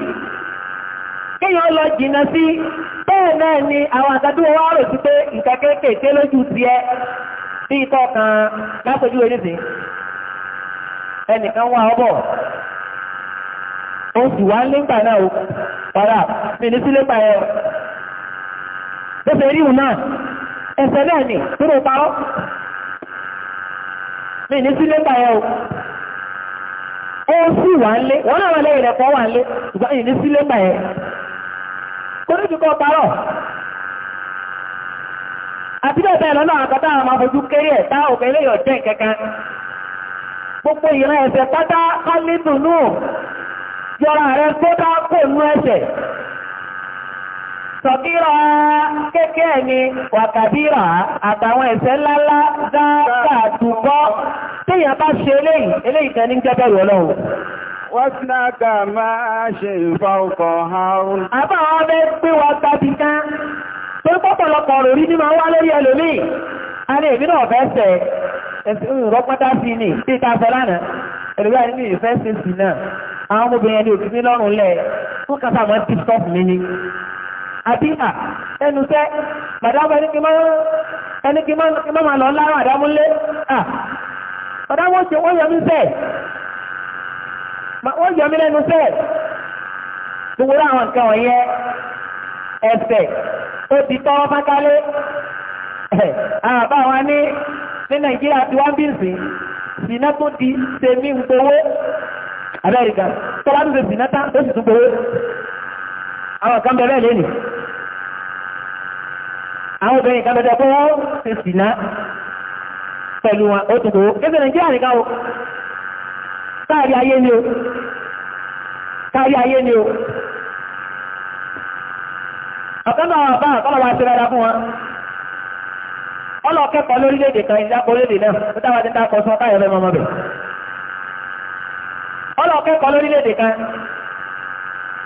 kéèyàn àwọn ẹnìkan wá ọbọ̀ ó wá nígbà náà ó padà mi ní sílé pa ẹ ó fẹ́ ríhùn náà ni nínú parọ́ mi ní sí lébà ẹ̀ o ó sì wà ń lé wọ́n náà wà lẹ́yìn rẹ̀ wà ń lé ìgbà yìí sí lébà ẹ̀ kó ní jùkọ́ parọ́ àti bẹ́ẹ̀ bẹ́ẹ̀ lọ́nà àkọ́tà àwọn afojú kéré ẹ̀ tá òkè gbogbo ìran ẹ̀sẹ̀ pátá kálí dùnú yọra rẹ̀ kó dá kó nú ẹ̀sẹ̀ sọ̀kírà kéèkéè ni wàkàbírà àtàwọn ẹ̀ṣẹ̀ ńláńlá dáadáa túbọ̀ téèyàn bá ṣe eléyìí eléyìí kan ní jẹ́bẹ̀rù ọlọ́run Wọ́sínáàkà máa ṣe ìfà ọkọ̀ àrùn. Àbá àwọn ọmọ pín wọ́n tàbí kan tó pọ́pọ̀lọpọ̀ ọ̀rọ̀ rí ní máa wá lórí ẹlòmíì. A ní èmi náà fẹ́ sẹ̀ ẹ̀sìn rọ́pátá sí ni bí i ta sọ lánàá. Ẹlòmíà nínú ìfẹ́ sí sí náà. Àwọn ọmọbìnrin ẹni òkú mi lọ́rùn lẹ̀. Wọ́n kàtà mọ́ àbíhà ẹnu tẹ́ bàdámù ẹni kí máa lọ lára àdámú lé bàdámù ṣe wọ́n yọmí sẹ́ wọ́n yọmí lẹ́nu sẹ́ gbogbo àwọn nǹkan wọ̀nyẹn ẹsẹ̀ ó ti tọ́ fákálé àbá wa ní ní nàìjíríà tí wọ́n bí sí sínà tó di sèmí ń gbowó amẹ́ríkà tọ́lá tó ṣe sínà tán ó sì tún àwọn kan bẹ̀rẹ̀ lẹ́nu àwọn obìnrin kan bẹ̀rẹ̀ fún ṣe pẹ̀lú wọn ó nìkan o káàrí ayé ni o káàrí ayé ni o ọ̀kan náà bá àkọ́lọ̀ wa ṣe rárá fún wọn ọlọ́kẹ́kọ̀ọ́ lórílẹ̀-èdè kan ìjápọ̀ orílẹ̀-èdè náà ó dáwà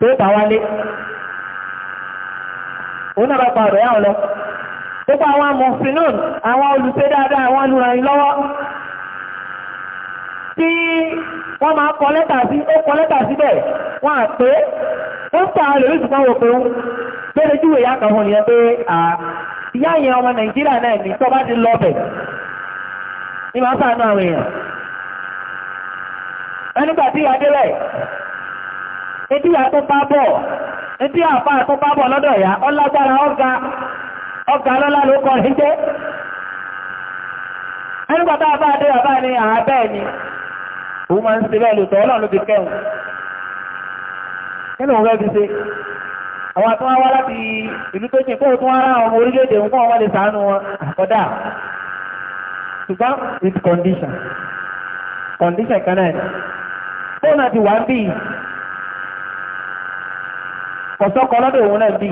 tó bá wálé òun náà bá pa ọ̀rọ̀ yáwọn lọ gbogbo àwọn mọ̀fínún àwọn olùṣe dáadáa àwọn olùrànlọ́wọ́ lọ́wọ́ tí wọ́n máa kọ lẹ́tà sí ó kọ lẹ́tà síbẹ̀ wọ́n à pé ó ń pa olè oríṣi kan wò pé ó bẹ́ẹ̀ júwèé ìyá kan wọn yẹn pé ìyá yẹn ọmọ nàìjíríà náà ní tó bá ti lọ bẹ̀ ní máa sàánú àwọn èèyàn ẹnìgbà tí adélẹ̀ ẹbí àtúpábọ̀ ẹbí àpá àtúpábọ̀ lọ́dọ̀ ìyá ọlágbára ọ̀gá ọ̀gá lọ́lá ló kọ́ ní ẹnúgbàtà àbá àdé ní àábẹ́ ni òun máa ń ṣe bẹ́ẹ̀ lòtọ́ ọlọ́run ara with condition condition kan náà fóònù àti kọ̀sọ́kọ lọ́dọ̀ òun náà bì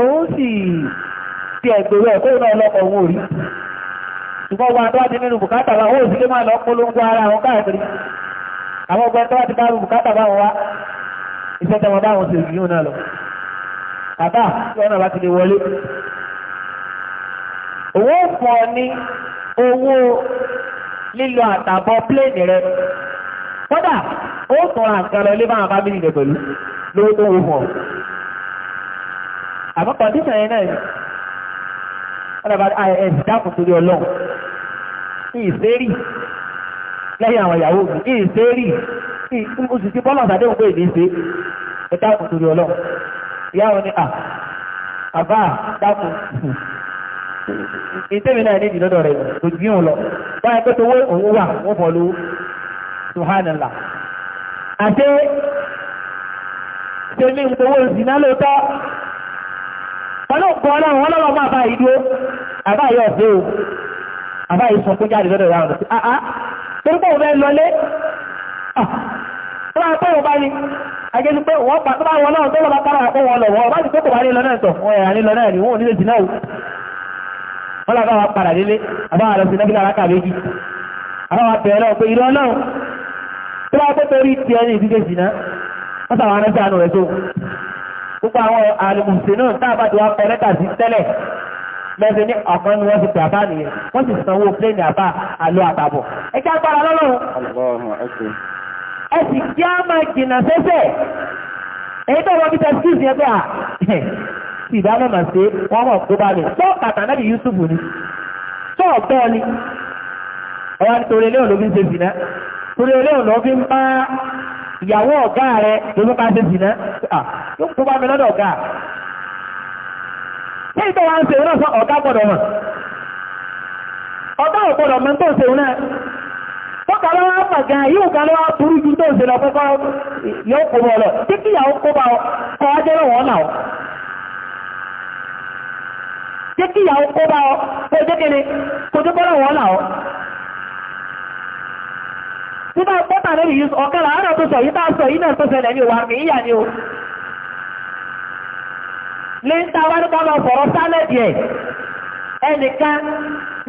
òun sì ti ẹ̀gbèrú ẹ̀ kóun náà lọ́kọ̀ òun ò rí ṣùgbọ́n wa tó wá ti nínú bùkátà wa òun sì lè máa lọ polongo ara àwọn káàkiri àwọn ọgbẹ́ tó wá ti bá bùkátà báwọn wá iṣẹ́ tẹ́wọ́n báwọn sì rí yóò náà lọ bàbá tí wọ́n náà bá ti lè wọlé owó fún ọ ní owó lílọ àtàbọ̀ pléènì rẹ kódà ó tọ́ra nǹkan lọ ilé báwọn fámìlì rẹ̀ pẹ̀lú lówó tó wo fún ọ. àmọ́ kọ̀díṣàn yẹn náà ọlọ́ba IS dákùn torí ọlọ́run ìsérì lẹ́yìn àwọn ìyàwó mi ìsérì oṣù tí bọ́lá àtàdéhùn pé èdè ṣe ẹ dákùn torí ọlọ́run ìyàwó ni à àbá dákùn ìtẹ́mi náà nídìí lọ́dọ̀ rẹ̀ lójú yóò lọ báyìí pé tó wé òun wà wọ́n fọ́ lówó subhanallah àti tèmi ìwòwò ìsìná ló tọ́ ọlọ́pọ̀ ọlọ́run wọ́n lọ́wọ́ máa bá ìdúró àbá yọ ọ̀fẹ́ o àbá yìí sọ fún jáde lọ́dọ̀ ìyá ọ̀dọ̀ sí àá torí pé òun lọlé ah. tó máa pé òun bá ní agẹ́sí pé wọ́n pa tó bá wọn náà tó lọ́ba kára àpò wọn lọ wọ́n bá ti pé kò bá ní lọ náà tọ̀ wọ́n yà ní lọ náà ní wọ́n nílé ìsìná o wọ́n làbá wa padà délé àbá wa lọ sí nábìlà alákàbẹ́jì àbá wa bẹ̀rẹ̀ náà pé ìrọ̀ náà tó bá tó torí ti ẹni ìdíje jìnà wọ́n sàwọn aránsí àánú rẹ̀ tó gbogbo àwọn àlùmùsè náà táàbà tó wá kọ lẹ́tà sí tẹ́lẹ̀ mẹ́fẹ́ ní ọ̀kan ni wọ́n ti pè àbá nìyẹn wọ́n sì sanwó pléènì àbá àlọ́ àtàbọ̀ ẹ jẹ́ agbára lọ́lọ́run ẹ sì kí á máa jìnà sẹ́sẹ̀ èyí tó wọ́n fi tẹ́síkìsì ẹgbẹ́ à sì bá mọ̀mà sí wọ́n mọ̀ tó bá lè tó kàtà náà bí Yusuf ni tó ọ̀bẹ́ ni ọ̀wá nítorí ilé òlóbi ń ṣe sí náà torí eléyìí lọ fi ń bá ìyàwó ọ̀gá rẹ̀ lórí ká ṣe jìnà tó bá mi lọ́dọ̀ ọ̀gá ṣé ìtọ́ wa ń ṣe náà sọ ọ̀gá gbọ́dọ̀ mọ̀ ọ̀gá ò gbọ́dọ̀ mọ̀ tó ń ṣe náà tọ́ka ló wá pàgà yóò ká ló wá burú ju tó ṣe lọ yóò kó bọ̀ lọ nígbà pọ́tà lórí yìí ọ̀kan láàárọ̀ tó sọ yìí bá sọ yìí náà tó ṣẹlẹ̀ ní ìwà mi ìyà ni o lè ń ta wá nípa lọ fọ̀rọ̀ sálẹ̀dì ẹ̀ ẹnìkan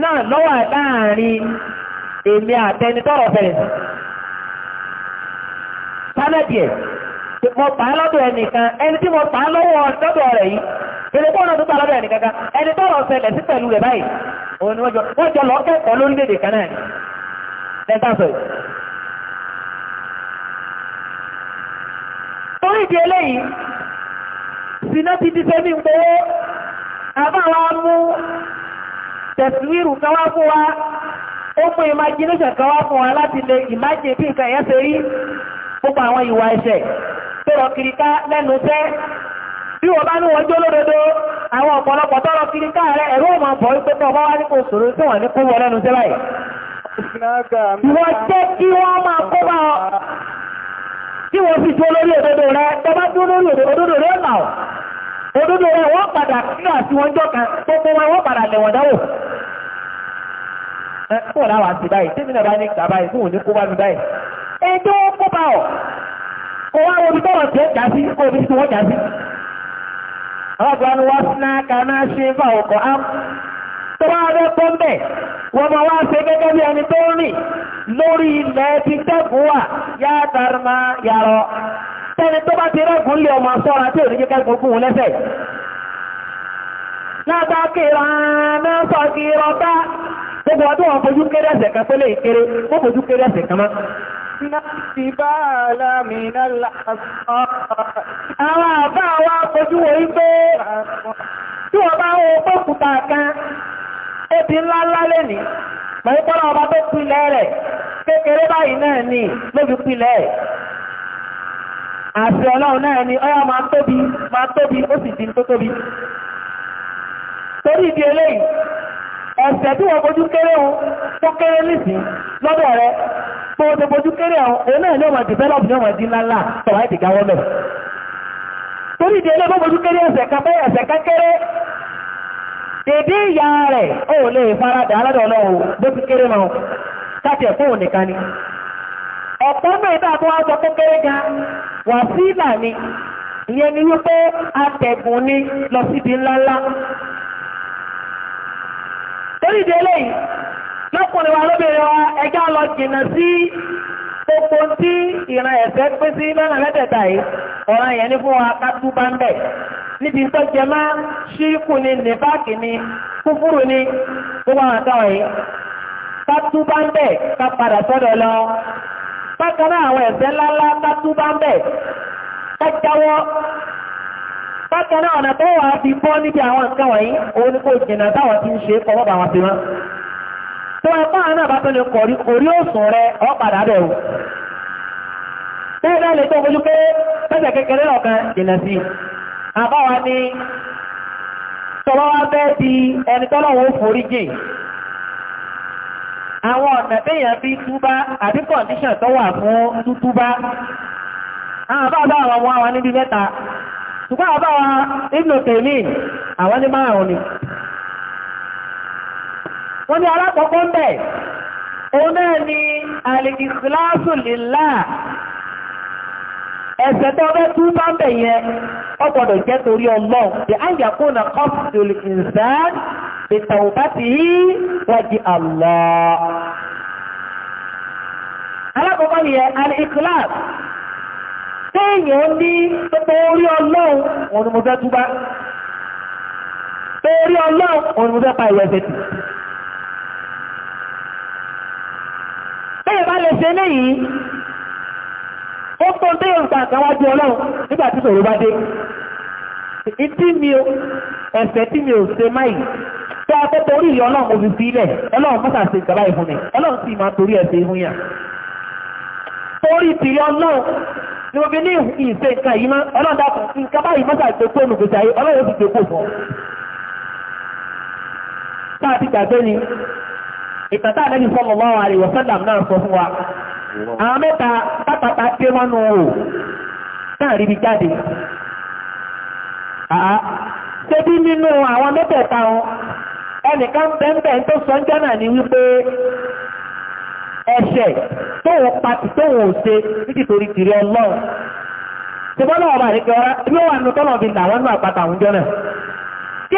náà lọ́wọ́ láàrin èmi àtẹni tọ́rọ̀ fẹ̀ sálẹ̀dì ẹ̀ mo pa á lọ́dọ̀ ẹnìkan ẹni tí mo pa á lọ́wọ́ lọ́dọ̀ rẹ̀ yìí kan ẹni tọ́rọ̀ ṣẹlẹ̀ sí pẹ̀lú rẹ̀ báyìí òun ni wọ́n jọ lọ́kẹ́kọ̀ọ́ lórílẹ̀-èdè kan náà ni torí ìdí eléyìí síná ti di tẹ́bí ń gbowó àbáwá mú tẹ̀síwìrù kan wá fún wa ó mú imagination kan fún wa láti lè imagine bí nǹkan ẹ̀yẹ́ ṣe rí gbogbo àwọn ìwà ẹ̀ṣẹ̀ tó rọ kiri ká lẹ́nu iṣẹ́ bí wọ́n bá ní wọ́n jó lódodo àwọn ọ̀pọ̀lọpọ̀ tó rọ kiri ká rẹ̀ ẹ̀rọ òmà bọ̀ wípé tó bá wá ní kò sòrò tí wọ́n ní kó wọ lẹ́nu iṣẹ́ báyìí wọ́n jẹ́ kí wọ́n máa kó bá tí wọ́n fi tó lórí òdodo rẹ̀ tọ́bá tó lórí òdodo rẹ̀ mà ọ́ òdodo rẹ̀ wọ́n padà nínú àti wọn jọ́ kan gbogbo wọn wọ́n padà lẹ̀wọ̀n dáwò ẹ̀kọ́ láwà sí báyìí tí mi náà bá ní gbà báyìí tí wọ́n ní kó bá mi báyìí èyí tó wọ́n kó bá ọ̀ kó wá omi tọ́rọ̀ tí ó jà sí kó omi tí wọ́n jà sí ọgbọ̀n wọ́n sínú kaná ṣe fà ọkọ̀ á tọ́wọ́ rẹ̀ pọ́ńbẹ̀ wọ́n ma wá ṣe gẹ́gẹ́ bí ẹni tó rìn lórí ilẹ̀ ti tẹ́kùn wà yáàtàrmà yàrọ tẹ́ni tó bá ti rẹ́kùn lè ọmọ sọ́ra tí ò ní jẹ́kẹ́ gbogbo wọn lẹ́sẹ̀ látàkìrà náà sọ̀kìrọ̀ bá gbogbo ọdún wọn fojú kéré ẹsẹ̀ kan pélé ìkéré wọ́n fojú Àwọn àbá wa fojú wọ́n wípé tí wọ́n bá wọ́n pọ́kùtà kan ó ti ńlá ńlá lẹ́ni pẹ̀lúpọ́lá ọba tó pinlẹ̀ rẹ̀ kékeré báyìí náà ni ló fi pinlẹ̀ àti ọlọ́run náà ni ọyá máa tóbi máa tóbi ó sì di tó tóbi torí ìdí eléyìí ẹ̀sẹ̀ tí wọ́n bojú kéré ohun tó kéré nìsín lọ́dọ̀ rẹ̀ tó wọ́n ti bojú kéré ohun èyí náà ní ọmọ develop ní ọmọ ìdí ńláńlá tọ̀wá ìdìgáwọ́ náà dèdé ìyá rẹ̀ ó lè faradà aládọ̀ bó ti kéré mọ́ káàkiri ẹ̀kọ́ e nìkan ni ọ̀pọ̀ náà bá wá sọ ga wà sí ìlà ni ìyẹn ni wípé atẹ̀gùn ni lọ síbi ńláńlá torí ìdí eléyìí lọ́kùnrin wa lóbìnrin wa ẹjá lọ sí gbogbo tí ìran ẹ̀fẹ́ pé sí lọ́nà mẹ́tẹ̀ẹ̀ta yìí ọ̀ràn yẹn ní fún wa ká tú bá ń bẹ̀ níbi tó jẹ máa ṣíkù ni nìfáàkì ni kúfúrú ni gbogbo àwọn àtàwọn yìí ká tú bá ń bẹ̀ ká padà sọ́dọ̀ lọ bákan náà àwọn ẹ̀fẹ́ ńláńlá ká tú bá ń bẹ̀ ká jáwọ́ bákan náà ọ̀nà tó wà á fi bọ́ níbi àwọn nǹkan wọ̀nyí òun ni kò jìnnà táwọn ti ń ṣe fọwọ́ bá wọn fi àwọn náà bá tó lè kọ̀rí òsùn rẹ ọ̀padà bẹ̀rù tí ó lẹ́lẹ̀ tó fojú pé pẹ́sẹ̀ kékeré lọ́kan jìnà sí àbáwa ni tọ́lọ́wà bẹ́ ti ẹni tọ́lọ́wọ́ forí jìn àwọn ọ̀nà téèyàn fi túbá àbí kọ̀ǹdíṣàn tó wà fún túbá àwọn àbáwà àwọn ọmọ àwọn níbi mẹ́ta ṣùgbọ́n àbáwà ibnu ni alákọ̀ọ́kọ́ ń bẹ̀ òun náà ni al-ikhlasu lillah ẹ̀ṣẹ̀ tó ọbẹ̀ tún bá bẹ̀ yẹn ó gbọ́dọ̀ jẹ́ torí ọlọ́run the anger kó na kọ́pù lè ǹsán ìtàwọ̀ bá ti yí wájú àlọ́. alákọ̀ọ́kọ́ yẹn alẹ́ ìkìláàs téèyàn ní ni ó tó ń tẹ́yẹ̀ nǹkan kan wájú ọlọ́run nígbà tí sọ̀rọ̀ bá dé ìtí mi ò ẹ̀sẹ̀ tí mi ò ṣe máyì tó a tọ́tọ́ orí ìyá ọlọ́run òbí sí ilẹ̀ ọlọ́run mọ́sà ṣe ìjọba ọlọ́run sì máa torí ìhun yà torí ọlọ́run ni mo fi ní ìṣe nǹkan yìí máa ọlọ́run dákun nǹkan báyìí ni pátápátá dé mọ́nú o táàrí ibi jáde àá tẹ́bí nínú àwọn mẹ́tẹ̀ẹ̀ta wọn ẹnìkan bẹ́ẹ̀bẹ́ẹ̀ tó sọ jọ́nà ní wípé ẹ̀ṣẹ̀ tóun pàtì tóun ò ṣe nítorí tìrí ọlọ́run tí bọ́lá ọba àríkẹ́ ọ̀rá tí ó wà nínú tọ́lọ̀ fi nà wọ́n ní àpáta àwọn jọ́nà kí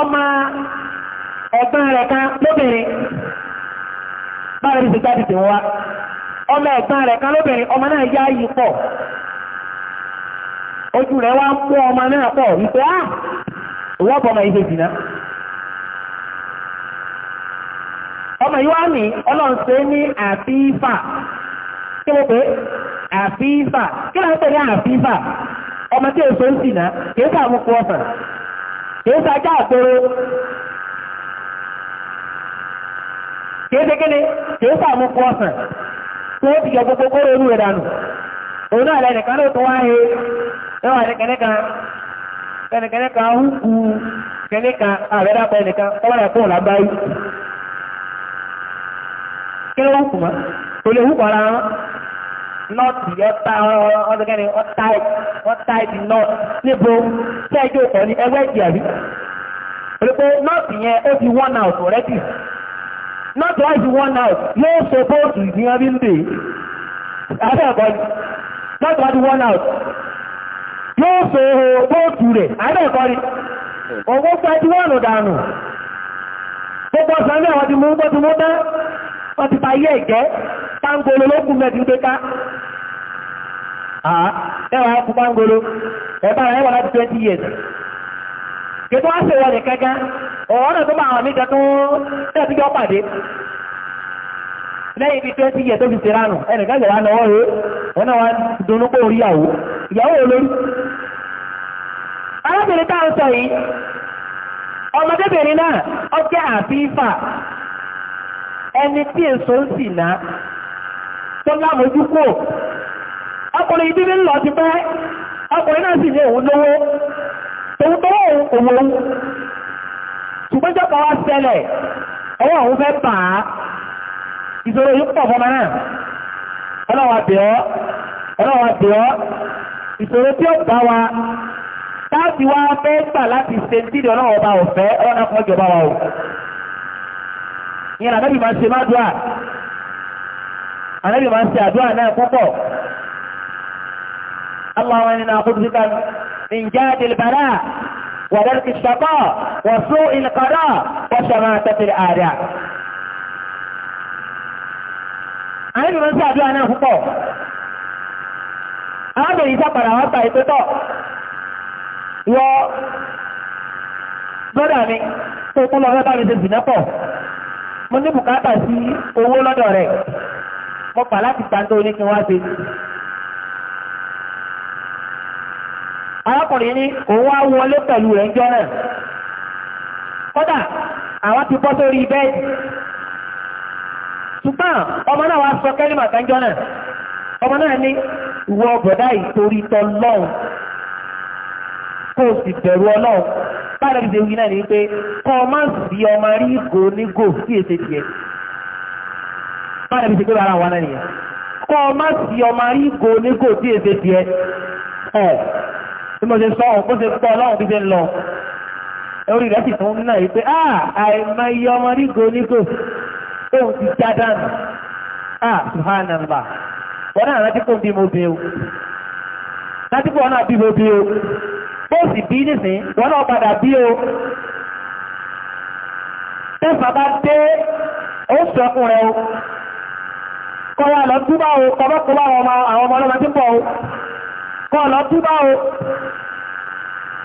ọmọ ẹ̀gbọ́n rẹ̀ kan lóbìnrin bára ní ṣètò àti wá ọmọ ẹ̀gbọ́n rẹ̀ kan lóbìnrin ọmọ náà yá pọ̀ ojú rẹ̀ wá ọmọ náà pọ̀ wípé á ah, òwúrọ̀ bọ́ ọmọ yìí ṣe ọmọ yìí wá ní ní àfífà kí pé àfífà kí ló ń pè ní àfífà ọmọ tí èso kéékèkéle kéé sàmú kú ọ̀sán tí ó ti jọ gbogbo kóró inú rẹ̀ dànù òun náà lẹ́nìkan ló tún wá he ẹwà lẹ́kẹ̀ẹ́kan lẹ́nìkẹ́nìkan ń kú kẹ́nìkan àrẹ́dàpọ̀ ẹnìkan tọ́wọ́dà fún ọ̀làbáyé kí ló ń kù mọ́ kò lè hùkọ̀ ara wọn nọ́ọ̀tì ọ̀tá ọ̀dọ́gẹ́ni ọ̀tá ọ̀tá ìdí nọ́ọ̀tì níbo tẹ́ẹ̀jọ́ ọ̀kọ̀ ní ẹgbẹ́ ìdí àrí pẹ̀lú pé nọ́ọ̀tì yẹn ó ti wọ́n náà ọ̀tọ̀ rẹ́dì not like in one house. You're suppose to be having day. Adẹ́ẹ̀kọ́ ni. Not twice in one house. You're supposed to rẹ̀. Adẹ́ẹ̀kọ́ ni. Ọwọ́ twenty one dànù. Gbogbo ọ̀sán náà wọ́n ti mú gbọ́ ti Wọ́n ti parí ẹ̀jẹ́. Táǹgolo ló kú ń Àá ẹwà years. wá ọ̀rọ̀ tó bá àwọn tó tẹ́ẹ̀tí jọ pàdé lẹ́yìn ibi tó ti yẹ tó fi ṣe ránù ẹnìkan ránù ọwọ́ rẹ̀ náà wá dunú pé orí ìyàwó ìyàwó olórí arábìnrin táwọn sọ yìí ọmọdébìnrin náà ó jẹ́ àfífà ẹni tí èso ń sì tó ọkùnrin ibi lọ ti pẹ́ ọkùnrin náà sì ní òun lówó tó òun ṣùgbọ́n jọ́kọ̀ wá ṣẹlẹ̀ ọwọ́ òun fẹ́ bà á ìṣòro yìí pọ̀ fọmọ náà ọlọ́wà bẹ̀ ọ́ ọlọ́wà bẹ̀ ọ́ ìṣòro tí ó bá wa láti wá fẹ́ gbà láti ṣe tí ìdí ọlọ́wọ́ bá ọ̀fẹ́ ọlọ́nà kan jọba wa o ìyẹn àbẹ́bí máa ṣe máa dùà àbẹ́bí máa ṣe àdúrà náà púpọ̀ Allahumma inna a'udhu bika min jahdil balaa وذلك الشقاء وسوء القضاء وشماتة الأعداء àìrí wọn sí àdúrà náà púpọ̀ arábìnrin sápàdà wọ́n pa ìpétọ̀ wọ lọ́dà mi tó kún lọ́wọ́ bá mi ṣe jìnà pọ̀ mo ní bùkátà sí owó lọ́dọ̀ rẹ̀ mo pà láti pàǹtó oníkin wá sí arákùnrin ní òun wá wọlé pẹ̀lú rẹ̀ ń jọ náà kódà àwọn ti bọ́ sórí bẹ́ẹ̀dì ṣùgbọ́n ọmọ náà wá sọ kẹ́lí màkànjọ́ náà ọmọ náà ní ìwọ bọ̀dá ìtorí tọlọ́hun kó o sì bẹ̀rù ọlọ́hun báyìí lọ́dún ìdèwì náà ní pé kọ́ ọ má sí ọmọ rí ìgò onígò sí èsè tiẹ̀ báyìí lọ́dún ìdèwì ara wa náà nìyẹn kọ́ ọ sí ọmọ rí ìgò onígò sí èsè tiẹ̀ tí mo ṣe sọ ọ̀ bó ṣe pọ̀ ọlọ́run bí ṣe ń lọ orí rẹ̀ sì tún náà pé ah, àìmọ iye ọmọ nígò nígò tóun ti já dànù ṣùhánàmbà ah, wọn náà rántí kò bí mo bí o rántí kò náà bí mo bí o bó sì bí nìsín wọn náà padà bí o tẹ́sà bá dé ó sọkùn rẹ̀ o kọ́ wa lọ túbà o kọ́ bá kọ́ àwọn ọmọ ọlọ́mọ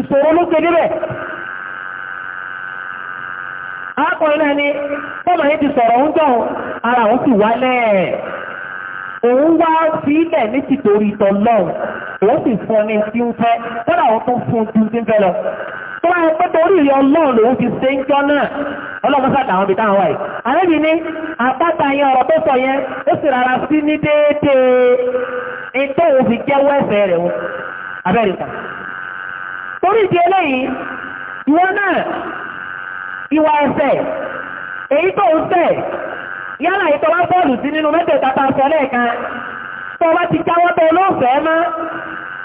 ìṣòro ló gbé níbẹ̀ arákùnrin náà ni bọ́ọ̀mù yìí ti sọ̀rọ̀ ń jọ̀ ara òun sì wálẹ̀ òun wá sílẹ̀ ní tìtorí tọ́lọ́ọ̀ òun sì fún ní tí ń fẹ́ tọ́lá òun tún fún ju tí ń fẹ́ lọ tó wáyé pé torí ìyọ ọlọ́run lòun fi ṣe ń jọ náà torí ìdí eléyìí ìwọ náà ìwà ẹ̀ṣẹ̀ èyí tó ń ṣẹ̀ yálà ìtọ́ bọ́ọ̀lù sí nínú mẹ́tẹ̀ẹ̀ta ta sọ lẹ́ẹ̀kan tó wá ti jáwọ́ tó olóòfẹ́ mọ́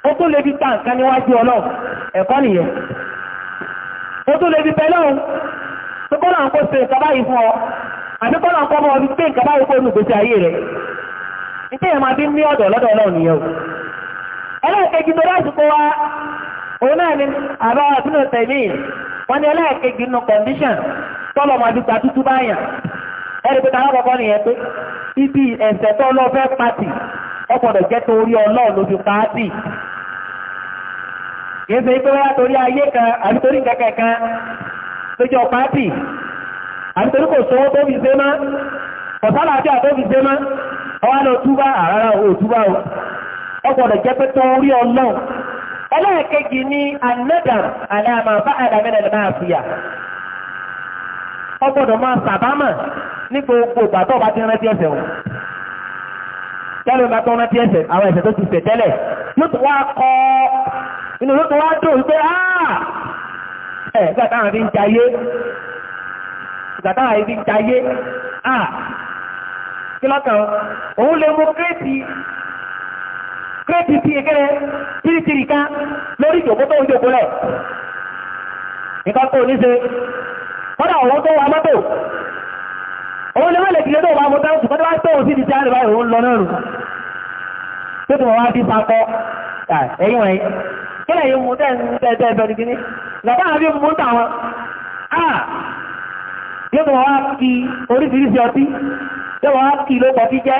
ó tún lè fi ta nǹkan níwájú ọlọ́run ẹ̀kọ́ nìyẹn tó ọ rẹ̀ òun náà ni àbáwá sínú tẹ̀míì wọ́n ní ẹlẹ́ẹ̀kejì nínú condition tọ́lọ̀ máa dùgbà tútú báyà ẹ̀rí pé táwọn kọ̀ọ̀kan nìyẹn pé ibi ẹ̀sẹ̀ tó lọ fẹ́ pàtì ọ̀pọ̀dọ̀ jẹ́ torí ọlọ́ọ̀ pàtì kìí ṣe wáyà torí ayé kan pàtì kò tó fi ṣe àti àtó fi ṣe ọwọ́ ẹlẹ́ẹ̀kejì ní anadam aláàmà bá àdàmẹ́lẹ̀ lè máa fìyà ọgbọ́dọ̀ máa sàbámà ní gbogbo ìgbà tó bá ti rántí ẹ̀ṣẹ̀ wọn tẹ́lẹ̀ bá tó rántí ẹ̀ṣẹ̀ àwọn ẹ̀ṣẹ̀ tó ti ṣẹ̀ tẹ́lẹ̀ yóò tó wá kọ́ inú ló tó wá dùn wípé áà ah! ẹ̀ nígbà táwọn fi ń jayé nígbà táwọn fi ń jayé áà ah! kí lọ́kàn òun kírétì tí kékeré tìrìtìrì kan lórí ìjòkó tó ń jòkó lẹ̀ nǹkan kò ní ṣe kọ́dà ọ̀wọ́ tó wà mọ́tò òun lè mẹ́lẹ̀ kìlẹ̀ tó wà mọ́tò ṣùgbọ́n tó bá tó sí ti tí a lè báyìí òun lọ náà rù tó tó wà bí papọ̀ ẹ̀yìn wọ̀nyí kí lè yíò mú tẹ́ẹ̀tẹ́ ẹ̀bẹ̀rẹ̀ kìíní gbàtà àbí mú tàwọn yóò tó wà kí oríṣiríṣi ọtí yóò wà kí ló pọ̀ jẹ́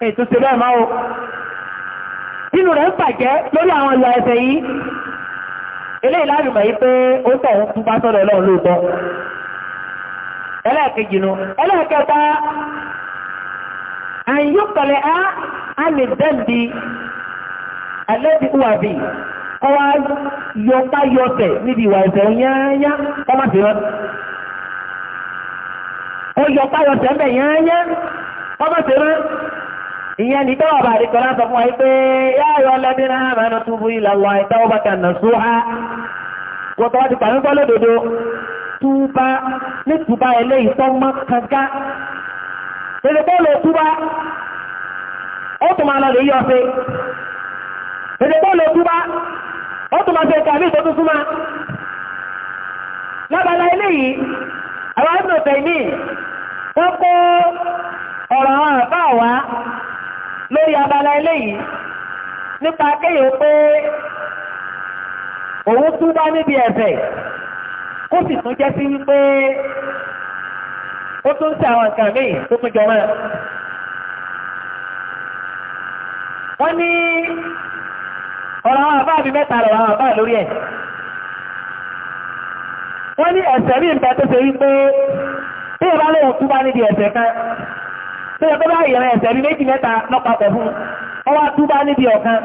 ètò ṣe bẹ́ẹ̀ máa o inú rẹ̀ ń bàjẹ́ lórí àwọn ìlà ẹ̀ṣẹ̀ yìí eléyìí láti mọ̀ yìí pé ó tọ̀ ń kú bá sọ́dọ̀ ọlọ́run lóòótọ́ ẹlẹ́ẹ̀kejì nu ẹlẹ́ẹ̀kẹta àyùkọ̀lẹ̀ á á lè dẹ́ǹdì àlẹ́bí wàbí ọwá yọta yọtẹ̀ níbi ìwà ẹ̀ṣẹ̀ yányá ọmọ sí wọn ó yọta yọtẹ̀ ń bẹ̀ yányá ọmọ sí wọn ìyẹn ní tọ́wọ́ bá rí kọ́lá sọ fún wa pé yáyọ lẹ́bí náà mẹ́nu tún bú ilẹ̀ wọ ìtawọ́ bá kànà sóhá wọ́n tọ́wọ́ ti pàmí bọ́lẹ̀ dòdò túbá ní túbá eléyìí tọ́ mọ́ kànká tẹ̀lé bọ́ọ̀lù túbá ó tún máa lọ lè yọ sí tẹ̀lé bọ́ọ̀lù túbá ó tún máa fẹ́ ká ní ìtọ́jú súnmọ́ lábala eléyìí àwọn ẹ̀sìn òfẹ́ yìí wọ́n kó ọ̀rọ̀ àwọn àbá wa lórí abala eléyìí nípa kéèyàn pé òun túbá níbi ẹ̀fẹ̀ kó sì tún jẹ́ sí wípé ó tún sí àwọn nǹkan míì tó tún jọmọ́ wọ́n ní ọ̀rọ̀ àwọn àbá mi mẹ́ta lọ̀rọ̀ àwọn àbá lórí ẹ̀ wọ́n ní ẹ̀ṣẹ̀ rí nǹkan tó ṣe wípé bí ìbálòun túbá níbi ẹ̀ṣẹ̀ kan tó yẹ bá yẹ̀rẹ̀ ẹ̀sẹ̀ méjì mẹ́ta lọ́pàpọ̀ fún ọwá túbá níbi ọ̀kan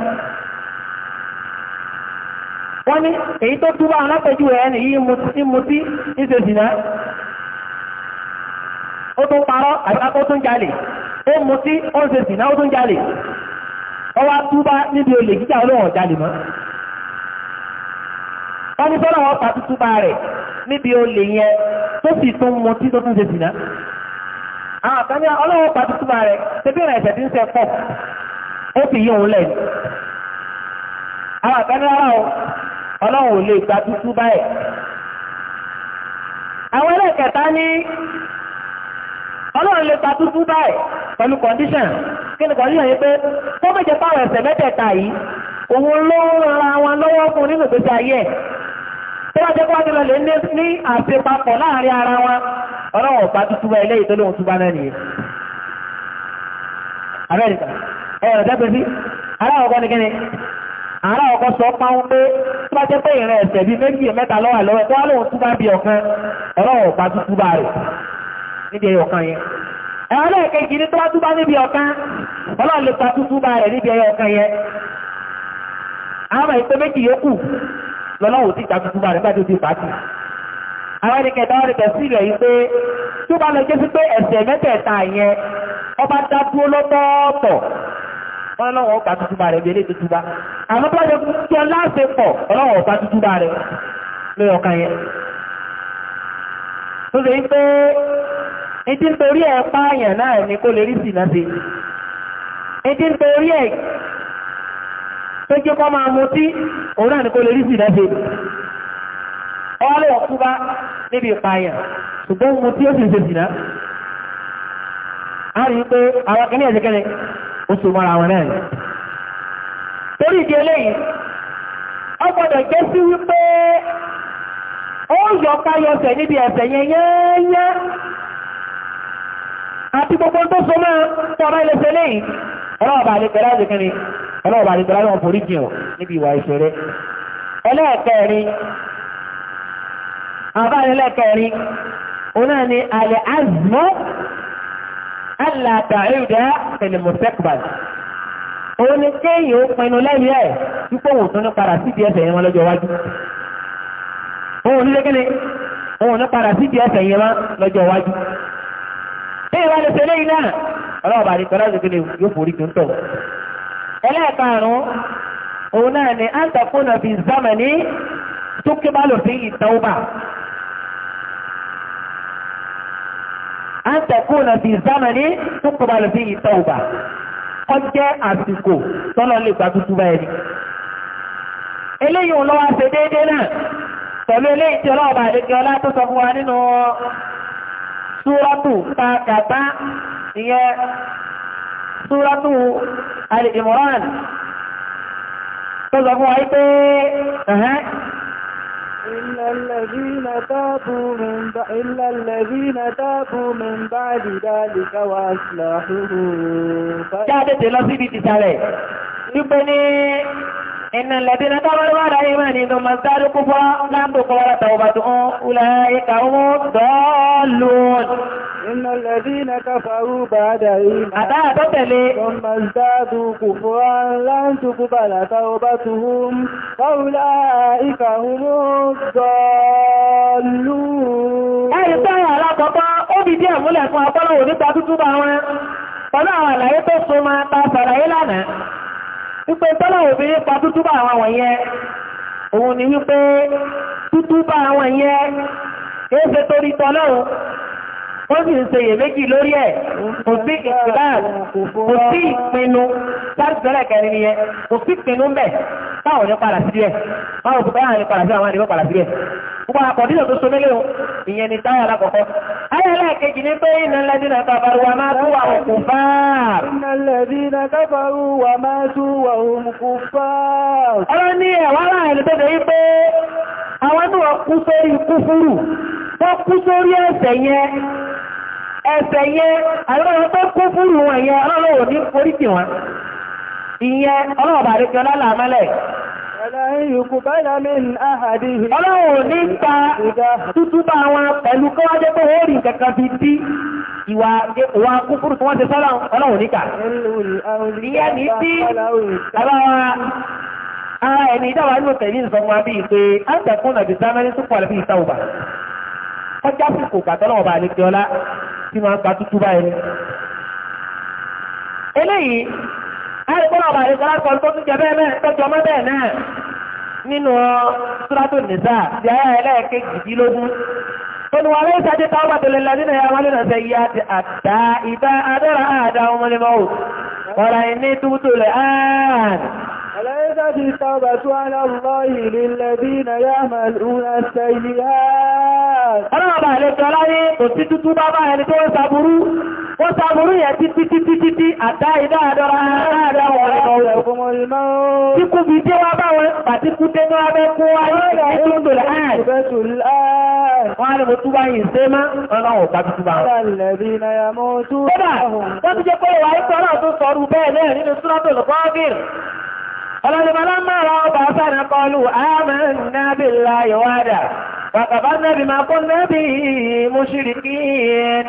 wọ́n ní èyí tó túbá alápẹ̀jú rẹ̀ nìyí mutí ìṣèṣìná ó tún parọ́ àbíkákó tún jalè ó mutí tún mọ́ tó tún àwọn àkàní ọlọ́wọ́ pàtó rẹ̀ tẹ́bí ìrìn ẹ̀sẹ̀ ń sẹ pọ̀ ó fi yí òun àkàní ọlọ́wọ́ lè gba tútú àwọn ẹlẹ́kẹta ní lè pẹ̀lú kí ni kọ́ndíṣàn yìí pé tó méje pààrọ̀ ẹ̀sẹ̀ mẹ́tẹ̀ẹ̀ta yìí òun ló ra wọn lọ́wọ́ fún nínú ìgbésí ayé ẹ̀ tó bá jẹ́ lọ ọlọ́wọ̀n ọ̀pá tútúbá eléyìí tó lóhun túbá náà nìyẹn amẹ́ríkà ẹ̀rọ dẹ́pẹ́ sí aláwọ̀kọ́ ní kíni aláwọ̀kọ́ sọ páwọn pé tó bá jẹ́ pé ìrìn ẹ̀sẹ̀ bíi méjì mẹ́ta lọ́wà lọ́wọ́ tó wá lóhun túbá bí ọ̀kan ọlọ́wọ̀n ọ̀pá tútúbá rẹ̀ níbi ẹyọ kan yẹn ẹ̀rọ lẹ́ẹ̀kejì ní tó wá túbá níbi ọ̀kan ọlọ́run lè pa tútúbá rẹ̀ níbi ẹyọ kan yẹn àwọn ìpè méjì yókù lọ́lọ́wọ́ ti ta tútúbá rẹ̀ bá tó ti pàtì àwọn ẹnikẹta wọ́n rẹ̀ sí rẹ̀ wípé tó bá lọ jẹ́ sí pé ẹ̀sẹ̀ mẹ́tẹ̀ẹ̀ta yẹn ọba dádúró lọ́tọ̀ọ̀tọ̀ wọ́n lọ́wọ́ ọba tuntun bá rẹ̀ bẹ̀rẹ̀ tuntun bá àwọn tó lè tí ọ láti pọ̀ ọlọ́wọ́ ọba tuntun bá rẹ̀ lórí ọkàn yẹn tó lè pé ìdí nítorí ẹ̀ pààyàn náà ni kó lè rí sí náà sí ìdí nítorí ẹ̀ tó jẹ́ kọ́ máa mutí òun náà ni kó lè rí sí náà ọwọ́ lè wọ́n túbá níbi ìpààyàn ṣùgbọ́n mo tí ó sì ṣe jìnà a rí i pé àwọn kìíní ẹ̀sẹ̀kẹ́lẹ̀ ó so mọ́ra wọn náà torí ìdí eléyìí ó gbọ́dọ̀ jẹ́ sí wípé ó yọ káyọsẹ̀ níbi ẹ̀sẹ̀ yẹn yẹ́yẹ́ àti gbogbo tó so mọ́ tí ọba ilẹ̀ ṣe léyìí ọlọ́ọ̀bà àlẹ́kẹ̀lá ẹ̀sẹ̀kẹ́ni ọlọ́ọ̀bà àlẹ́kẹ̀lá àbáyẹlẹ́kẹrin òun náà ni alẹ́ azmọ́ alàtàrídà tẹlẹmọ̀sẹ́kùbàlì òun ni kéèyàn ó pinnu lẹ́yìn ẹ̀ wípé òun tún ní padà síbi ẹsẹ̀ yẹn wọn lọ́jọ́ iwájú òun ní lẹ́kẹ́ni òun ní padà síbi ẹsẹ̀ yẹn wọn lọ́jọ́ iwájú bẹ́ẹ̀ wá lè ṣe lẹ́yìn náà ọlọ́ọ̀bà àti tọ́lá ìṣègbè yóò forí kí n tọ̀ ẹlẹ́ẹ̀karùn òun náà ni àǹtàkùnà fi zámẹ̀ ní tókébálòfin ìtàwọ́bà an takuna fi zamani tuqbalu fi tauba kọ́ jẹ́ àsìkò tọ́lọ́ lè gba tútù bá ẹni eléyìí lọ́wọ́ ṣe déédéé náà pẹ̀lú eléyìí tí ọlọ́ọ̀bà àdékẹ́ ọlá tó sọ fún wa nínú súrọ́tù pàkàtà ìyẹn súrọ́tù al tó sọ fún wa wípé إلا الذين تابوا من إلا الذين تابوا من بعد ذلك وأصلحوا. إن الذين كفروا على إيمانهم ازدادوا كفرا لم تقبل توبتهم أولئك هم الضالون إن الذين كفروا بعد إيمانهم ثم ازدادوا كفرا لن تقبل توبتهم فأولئك هم الضالون أي سنة لا تطاع أبدي أمولك وأطلعوا ذكا تتوبة pẹ̀lú àwọn àlàyé tó súnmọ́ ta sàlàyé lánàá wípé tọ́lọ̀wò fi nípa tútúbà àwọn wọ̀nyẹn òun ni wípé tútúbà àwọn yẹn kéèfé torí tọ́lọ́run ó sì ń ṣe iyèméjì lórí ẹ̀ kò sí ìpínlẹ̀ kò sí ìpinnu sáàtìsọ́lẹ̀ kẹrin nìyẹn kò sí ìpinnu ń bẹ̀ báwo ni padà sí ẹ̀ báwo kò báyà ni padà sí àwọn àdìgbò padà sí ẹ̀ gbogbo àkọ̀dínà tó so mélòó ìyẹn ni táyà lákọ̀ọ́kọ́ ẹlẹ́ẹ̀kejì ní pé iná lẹ́dínà kàbàrù wà máa tún wà òkú fáàr. Iná lẹ́dínà kàbàrù wà máa tún wà òkú fáàr. Ọlọ́ ní ẹ̀wọ́n láàrín tó dẹ̀ yí pé àwọn tó wà kú sórí kúfúrù wọ́n kú sórí ẹ̀ṣẹ̀ yẹn ẹ̀ṣẹ̀ yẹn àwọn tó kú fúrù wọn yẹn ọlọ́wọ́ ní oríṣi wọn ìyẹn ọlọ́wọ́ bàrí kí ọlá làmọ́lẹ̀ ọlọ́wọ́ ní ta tútúbà wọn pẹ̀lú kọ́wájẹ́ pé wọ́n rí kankan fi dí ìwà ìwà kúkúrú tí wọ́n ti sọ́lá ọlọ́wọ́ níkà ìyẹn ní tí ara ẹni ìdáwà nínú tẹ̀lé ìsọmọ abí pé á tẹ̀kún nàbìsá mẹ́rin tó pọ̀ kọjá àsìkò gbàtọ́lọ́wọ́ bá àlejò ọlá tí máa ń gba tútú báyìí. eléyìí àìkọ́lọ́ bá àlejò ọlá sọ tó tún jẹ bẹ́ẹ̀ bẹ́ẹ̀ tọ́jú ọmọ bẹ́ẹ̀ náà nínú sùràtò nìsà ti ayé ẹlẹ́ẹ̀kejìdínlógún فالوليس تتوبة للذين يعملون سيئات حتى إذا أدرى أحدهم الموت قال إني تبت الآن الذي ثبت على الله للذين يعملون السيئات ọlọ́wọ́ bá ilẹ̀ tọ́lá yé kò sí tútú bá bá ẹni tó ń sàbúrú ó sàbúrú yẹ títí títí títí àdá ìdá àdọ́ra àádọ́ wọn ọ̀rọ̀ kíkú bí dé wá báwọn pàtíkú dé ní wábẹ́ kó wáyé ìtúndò láàrín wọ́n á lè mọ̀ túbá yìí ṣe má ọlọ́wọ́ bá ti túbá wọn. kódà wọ́n ti jẹ́ pé ìwà ìtọ́lá tó sọ ọdún bẹ́ẹ̀ náà nínú súnátò lọ́pọ̀ ọ́gìrì ọlọ́dúnmọ́lá mọ́ra ọba sáré kọlu amanna billahi wahda وكفرنا بما كنا به مشركين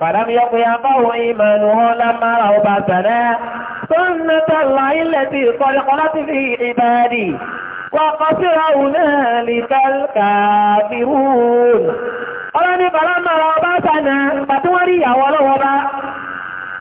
فلم يكن ينفعه إيمانه لما رأوا بأسنا سنة الله التي قد خلت في عبادي وقصر هنالك الكافرون ọlọ́ni bàlámà ọba sànà pàtíwárí ìyàwó ọlọ́wọ́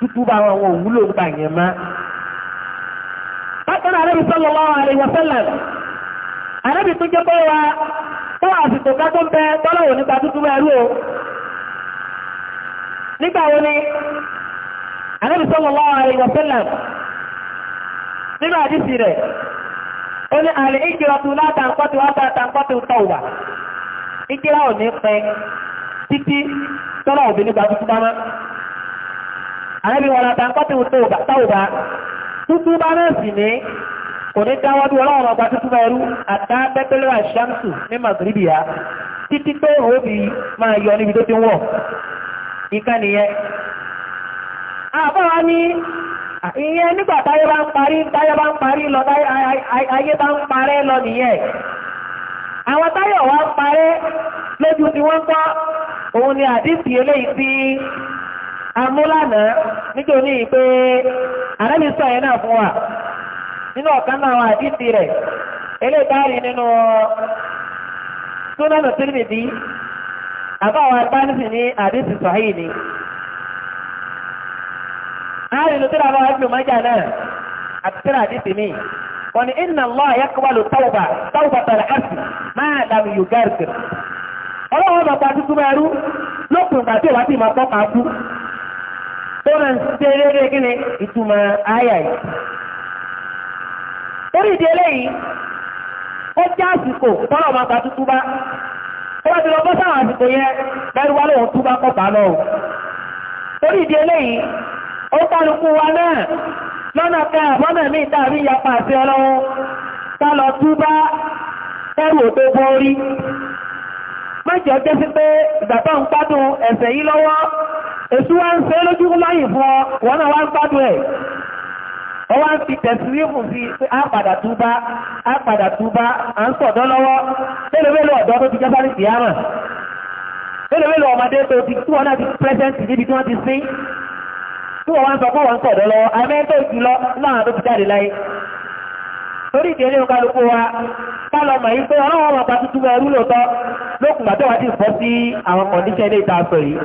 tútù bá wọn wọn òwúlò gbà yẹn má. bákan náà arábì sallallahu alaihi wasallam arábì tó jẹ́ bọ́ wa fún àsìkò kájọ́ ń bẹ tọ́lọ̀wọ̀ nípa tútù bá rú o. nígbà wo ni arábì sallallahu alaihi wasallam nínú àdìsí rẹ̀ ó ní àlè ìkìrọ̀tù látàǹkọ́tù látàǹkọ́tù tọ̀wà ìkìrọ̀ ò ní pẹ́ títí tọ́lọ̀ òbí àrẹ́bí wọn láta pàtí táwùbá tútú bá náà sì ní kò ní dáwọ́ ọlọ́run ọgbà tútú bá ẹrú àdá pẹ́pẹ́lẹ́ àṣàmsù ní magribiya títí pé òbí máa yọ níbi tó ti wọ̀ ìka nìyẹn ìyẹn nígbà táyé bá ń parí táyé bá lọ ayé bá ń parẹ́ lọ nìyẹn àwọn táyé wá ń parẹ́ lójú tí amúlànà nítorí pé àrẹ́lì sọ yẹn náà fún wa nínú ọ̀kan náà àdìsí rẹ̀ eléyìí nínú súnánù tìrìmìdì àbáwọn agbánisì ní àdìsí sọ̀hìn ni. àárín ló tẹ́lẹ̀ àwọn ẹgbẹ̀rún mọ́jà náà àti tẹ́lẹ̀ àdìsí mi wọ́n ní inna Allah yaqbalu tawba tawba tẹ̀lé àti máa dàmì yóò gẹ́rẹ́gẹ́rẹ́ ọlọ́wọ́ bàbá tuntun mẹ́rú lókùn ìgbà ìwádìí máa tọ́ka kú tó máa ń ṣe eré kí ìtumọ̀ àyà yìí. orí ìdí eléyìí ó jẹ́ àsìkò tọ́lọ̀ máa gba tútú bá ó ti lọ bọ́ sáwọn àsìkò bá kọ́ bá lọ. ó wa náà lọ́nà ká àbọ́nà ní ìtàrí ìyapa àti ọlọ́wọ́ ká lọ bá ẹrù òtó borí. mẹ́jọ jẹ́ sí pé ń èsù wá ń lójú fún ọ wọ́n náà wá ń gbádùn ẹ̀ wọ́n wá ń fi tẹ̀sírífù sí pé á padà túbá á padà à ń sọ̀dọ́ lọ́wọ́ mélòmélòó ọ̀dọ́ tó ti ti tí wọ́n náà ti pẹ́sẹ́ǹtì níbi tí wọ́n ti sín tí wọ́n wá ń sọ pé wọ́n sọ̀dọ́ lọ́wọ́ tó ti jáde láyé wa kálọ̀mọ̀ yìí pé ọlọ́wọ́ ọmọ pàtó túbọ̀ ẹrú lóòótọ́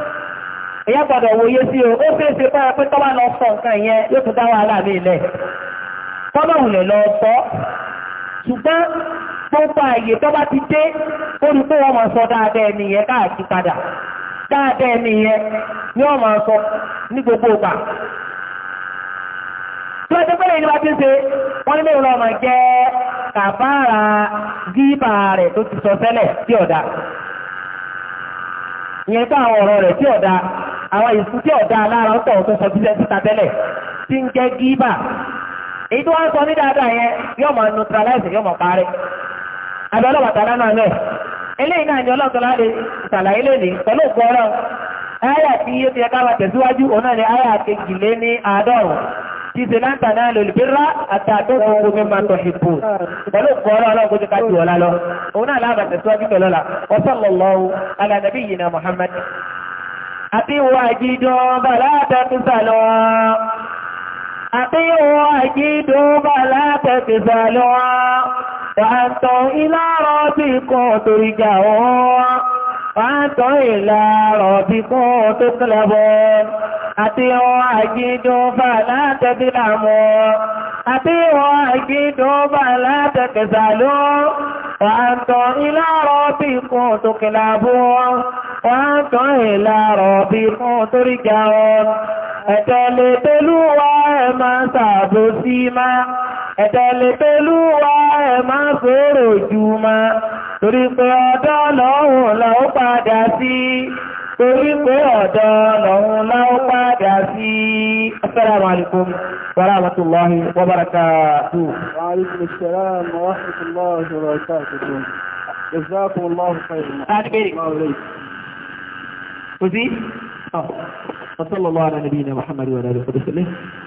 ìyá gbọ́dọ̀ wòye sí o ó fèsì bára pé tọ́wà lọ sọ nǹkan ìyẹn yóò tún dá wàhálà lọ sọ ṣùgbọ́n gbogbo àyè tọ́bà ti dé ó ma sọ dáadáa ẹni yẹn káàkiri padà dáadáa ẹni yẹn ni wọ́n sọ ní gbogbo ìgbà tí wọ́n ti ṣe wọ́n ní mẹ́rin lọ́mọ jẹ́ kàfàrà gíbà rẹ̀ tó ti àwọn ìsú tí ọ̀dá alára ọ̀tọ̀ ọ̀tún sọ jíjẹ tẹ́lẹ̀ tí ń jẹ́ gíbà èyí tó sọ ní dáadáa yẹn yóò mọ̀ neutralize yóò mọ̀ parí abẹ́ ọlọ́pàá tàlá náà eléyìí náà láti ṣàlàyé pẹ̀lú tí ti yẹ káwà tẹ̀síwájú òun náà ni ayà kejìlé ní àádọ́rùn ti ṣe láǹtà náà lòlùbírà àtàdó gbogbo mímọ pẹ̀lú ti ká ti òun náà láàbà أطيعوا أجيدوا فلا تتسلوا أطيعوا أجيدوا فلا تتسلوا وأنتم إلى ربكم ترجعون وأنتم إلى ربكم تقلبون أطيعوا أجيدوا فلا تتسلموا أطيعوا أكيدوا فلا تكسلوا وأنتم إلى ربكم تقلبون وأنتم إلى ربكم ترجعون ẹ̀tẹ̀lẹ̀ pẹ̀lú wa ẹ̀ máa sàbò sí máa ẹ̀tẹ̀lẹ̀ pẹ̀lú wa ẹ̀ máa fèrè jù máa torí pé ọ̀dọ̀ lọ́hùn torí pé ọ̀dọ̀ lọ́run láó padà sí assalamu alaikum wa rahmatullahi wa barakatuh wa alaikum assalam wa rahmatullahi wa barakatuh jazakumullahu khairan Kò sí? Ọ̀, wa sallallahu ala nabiyyina Muhammad wa alihi wa sallam.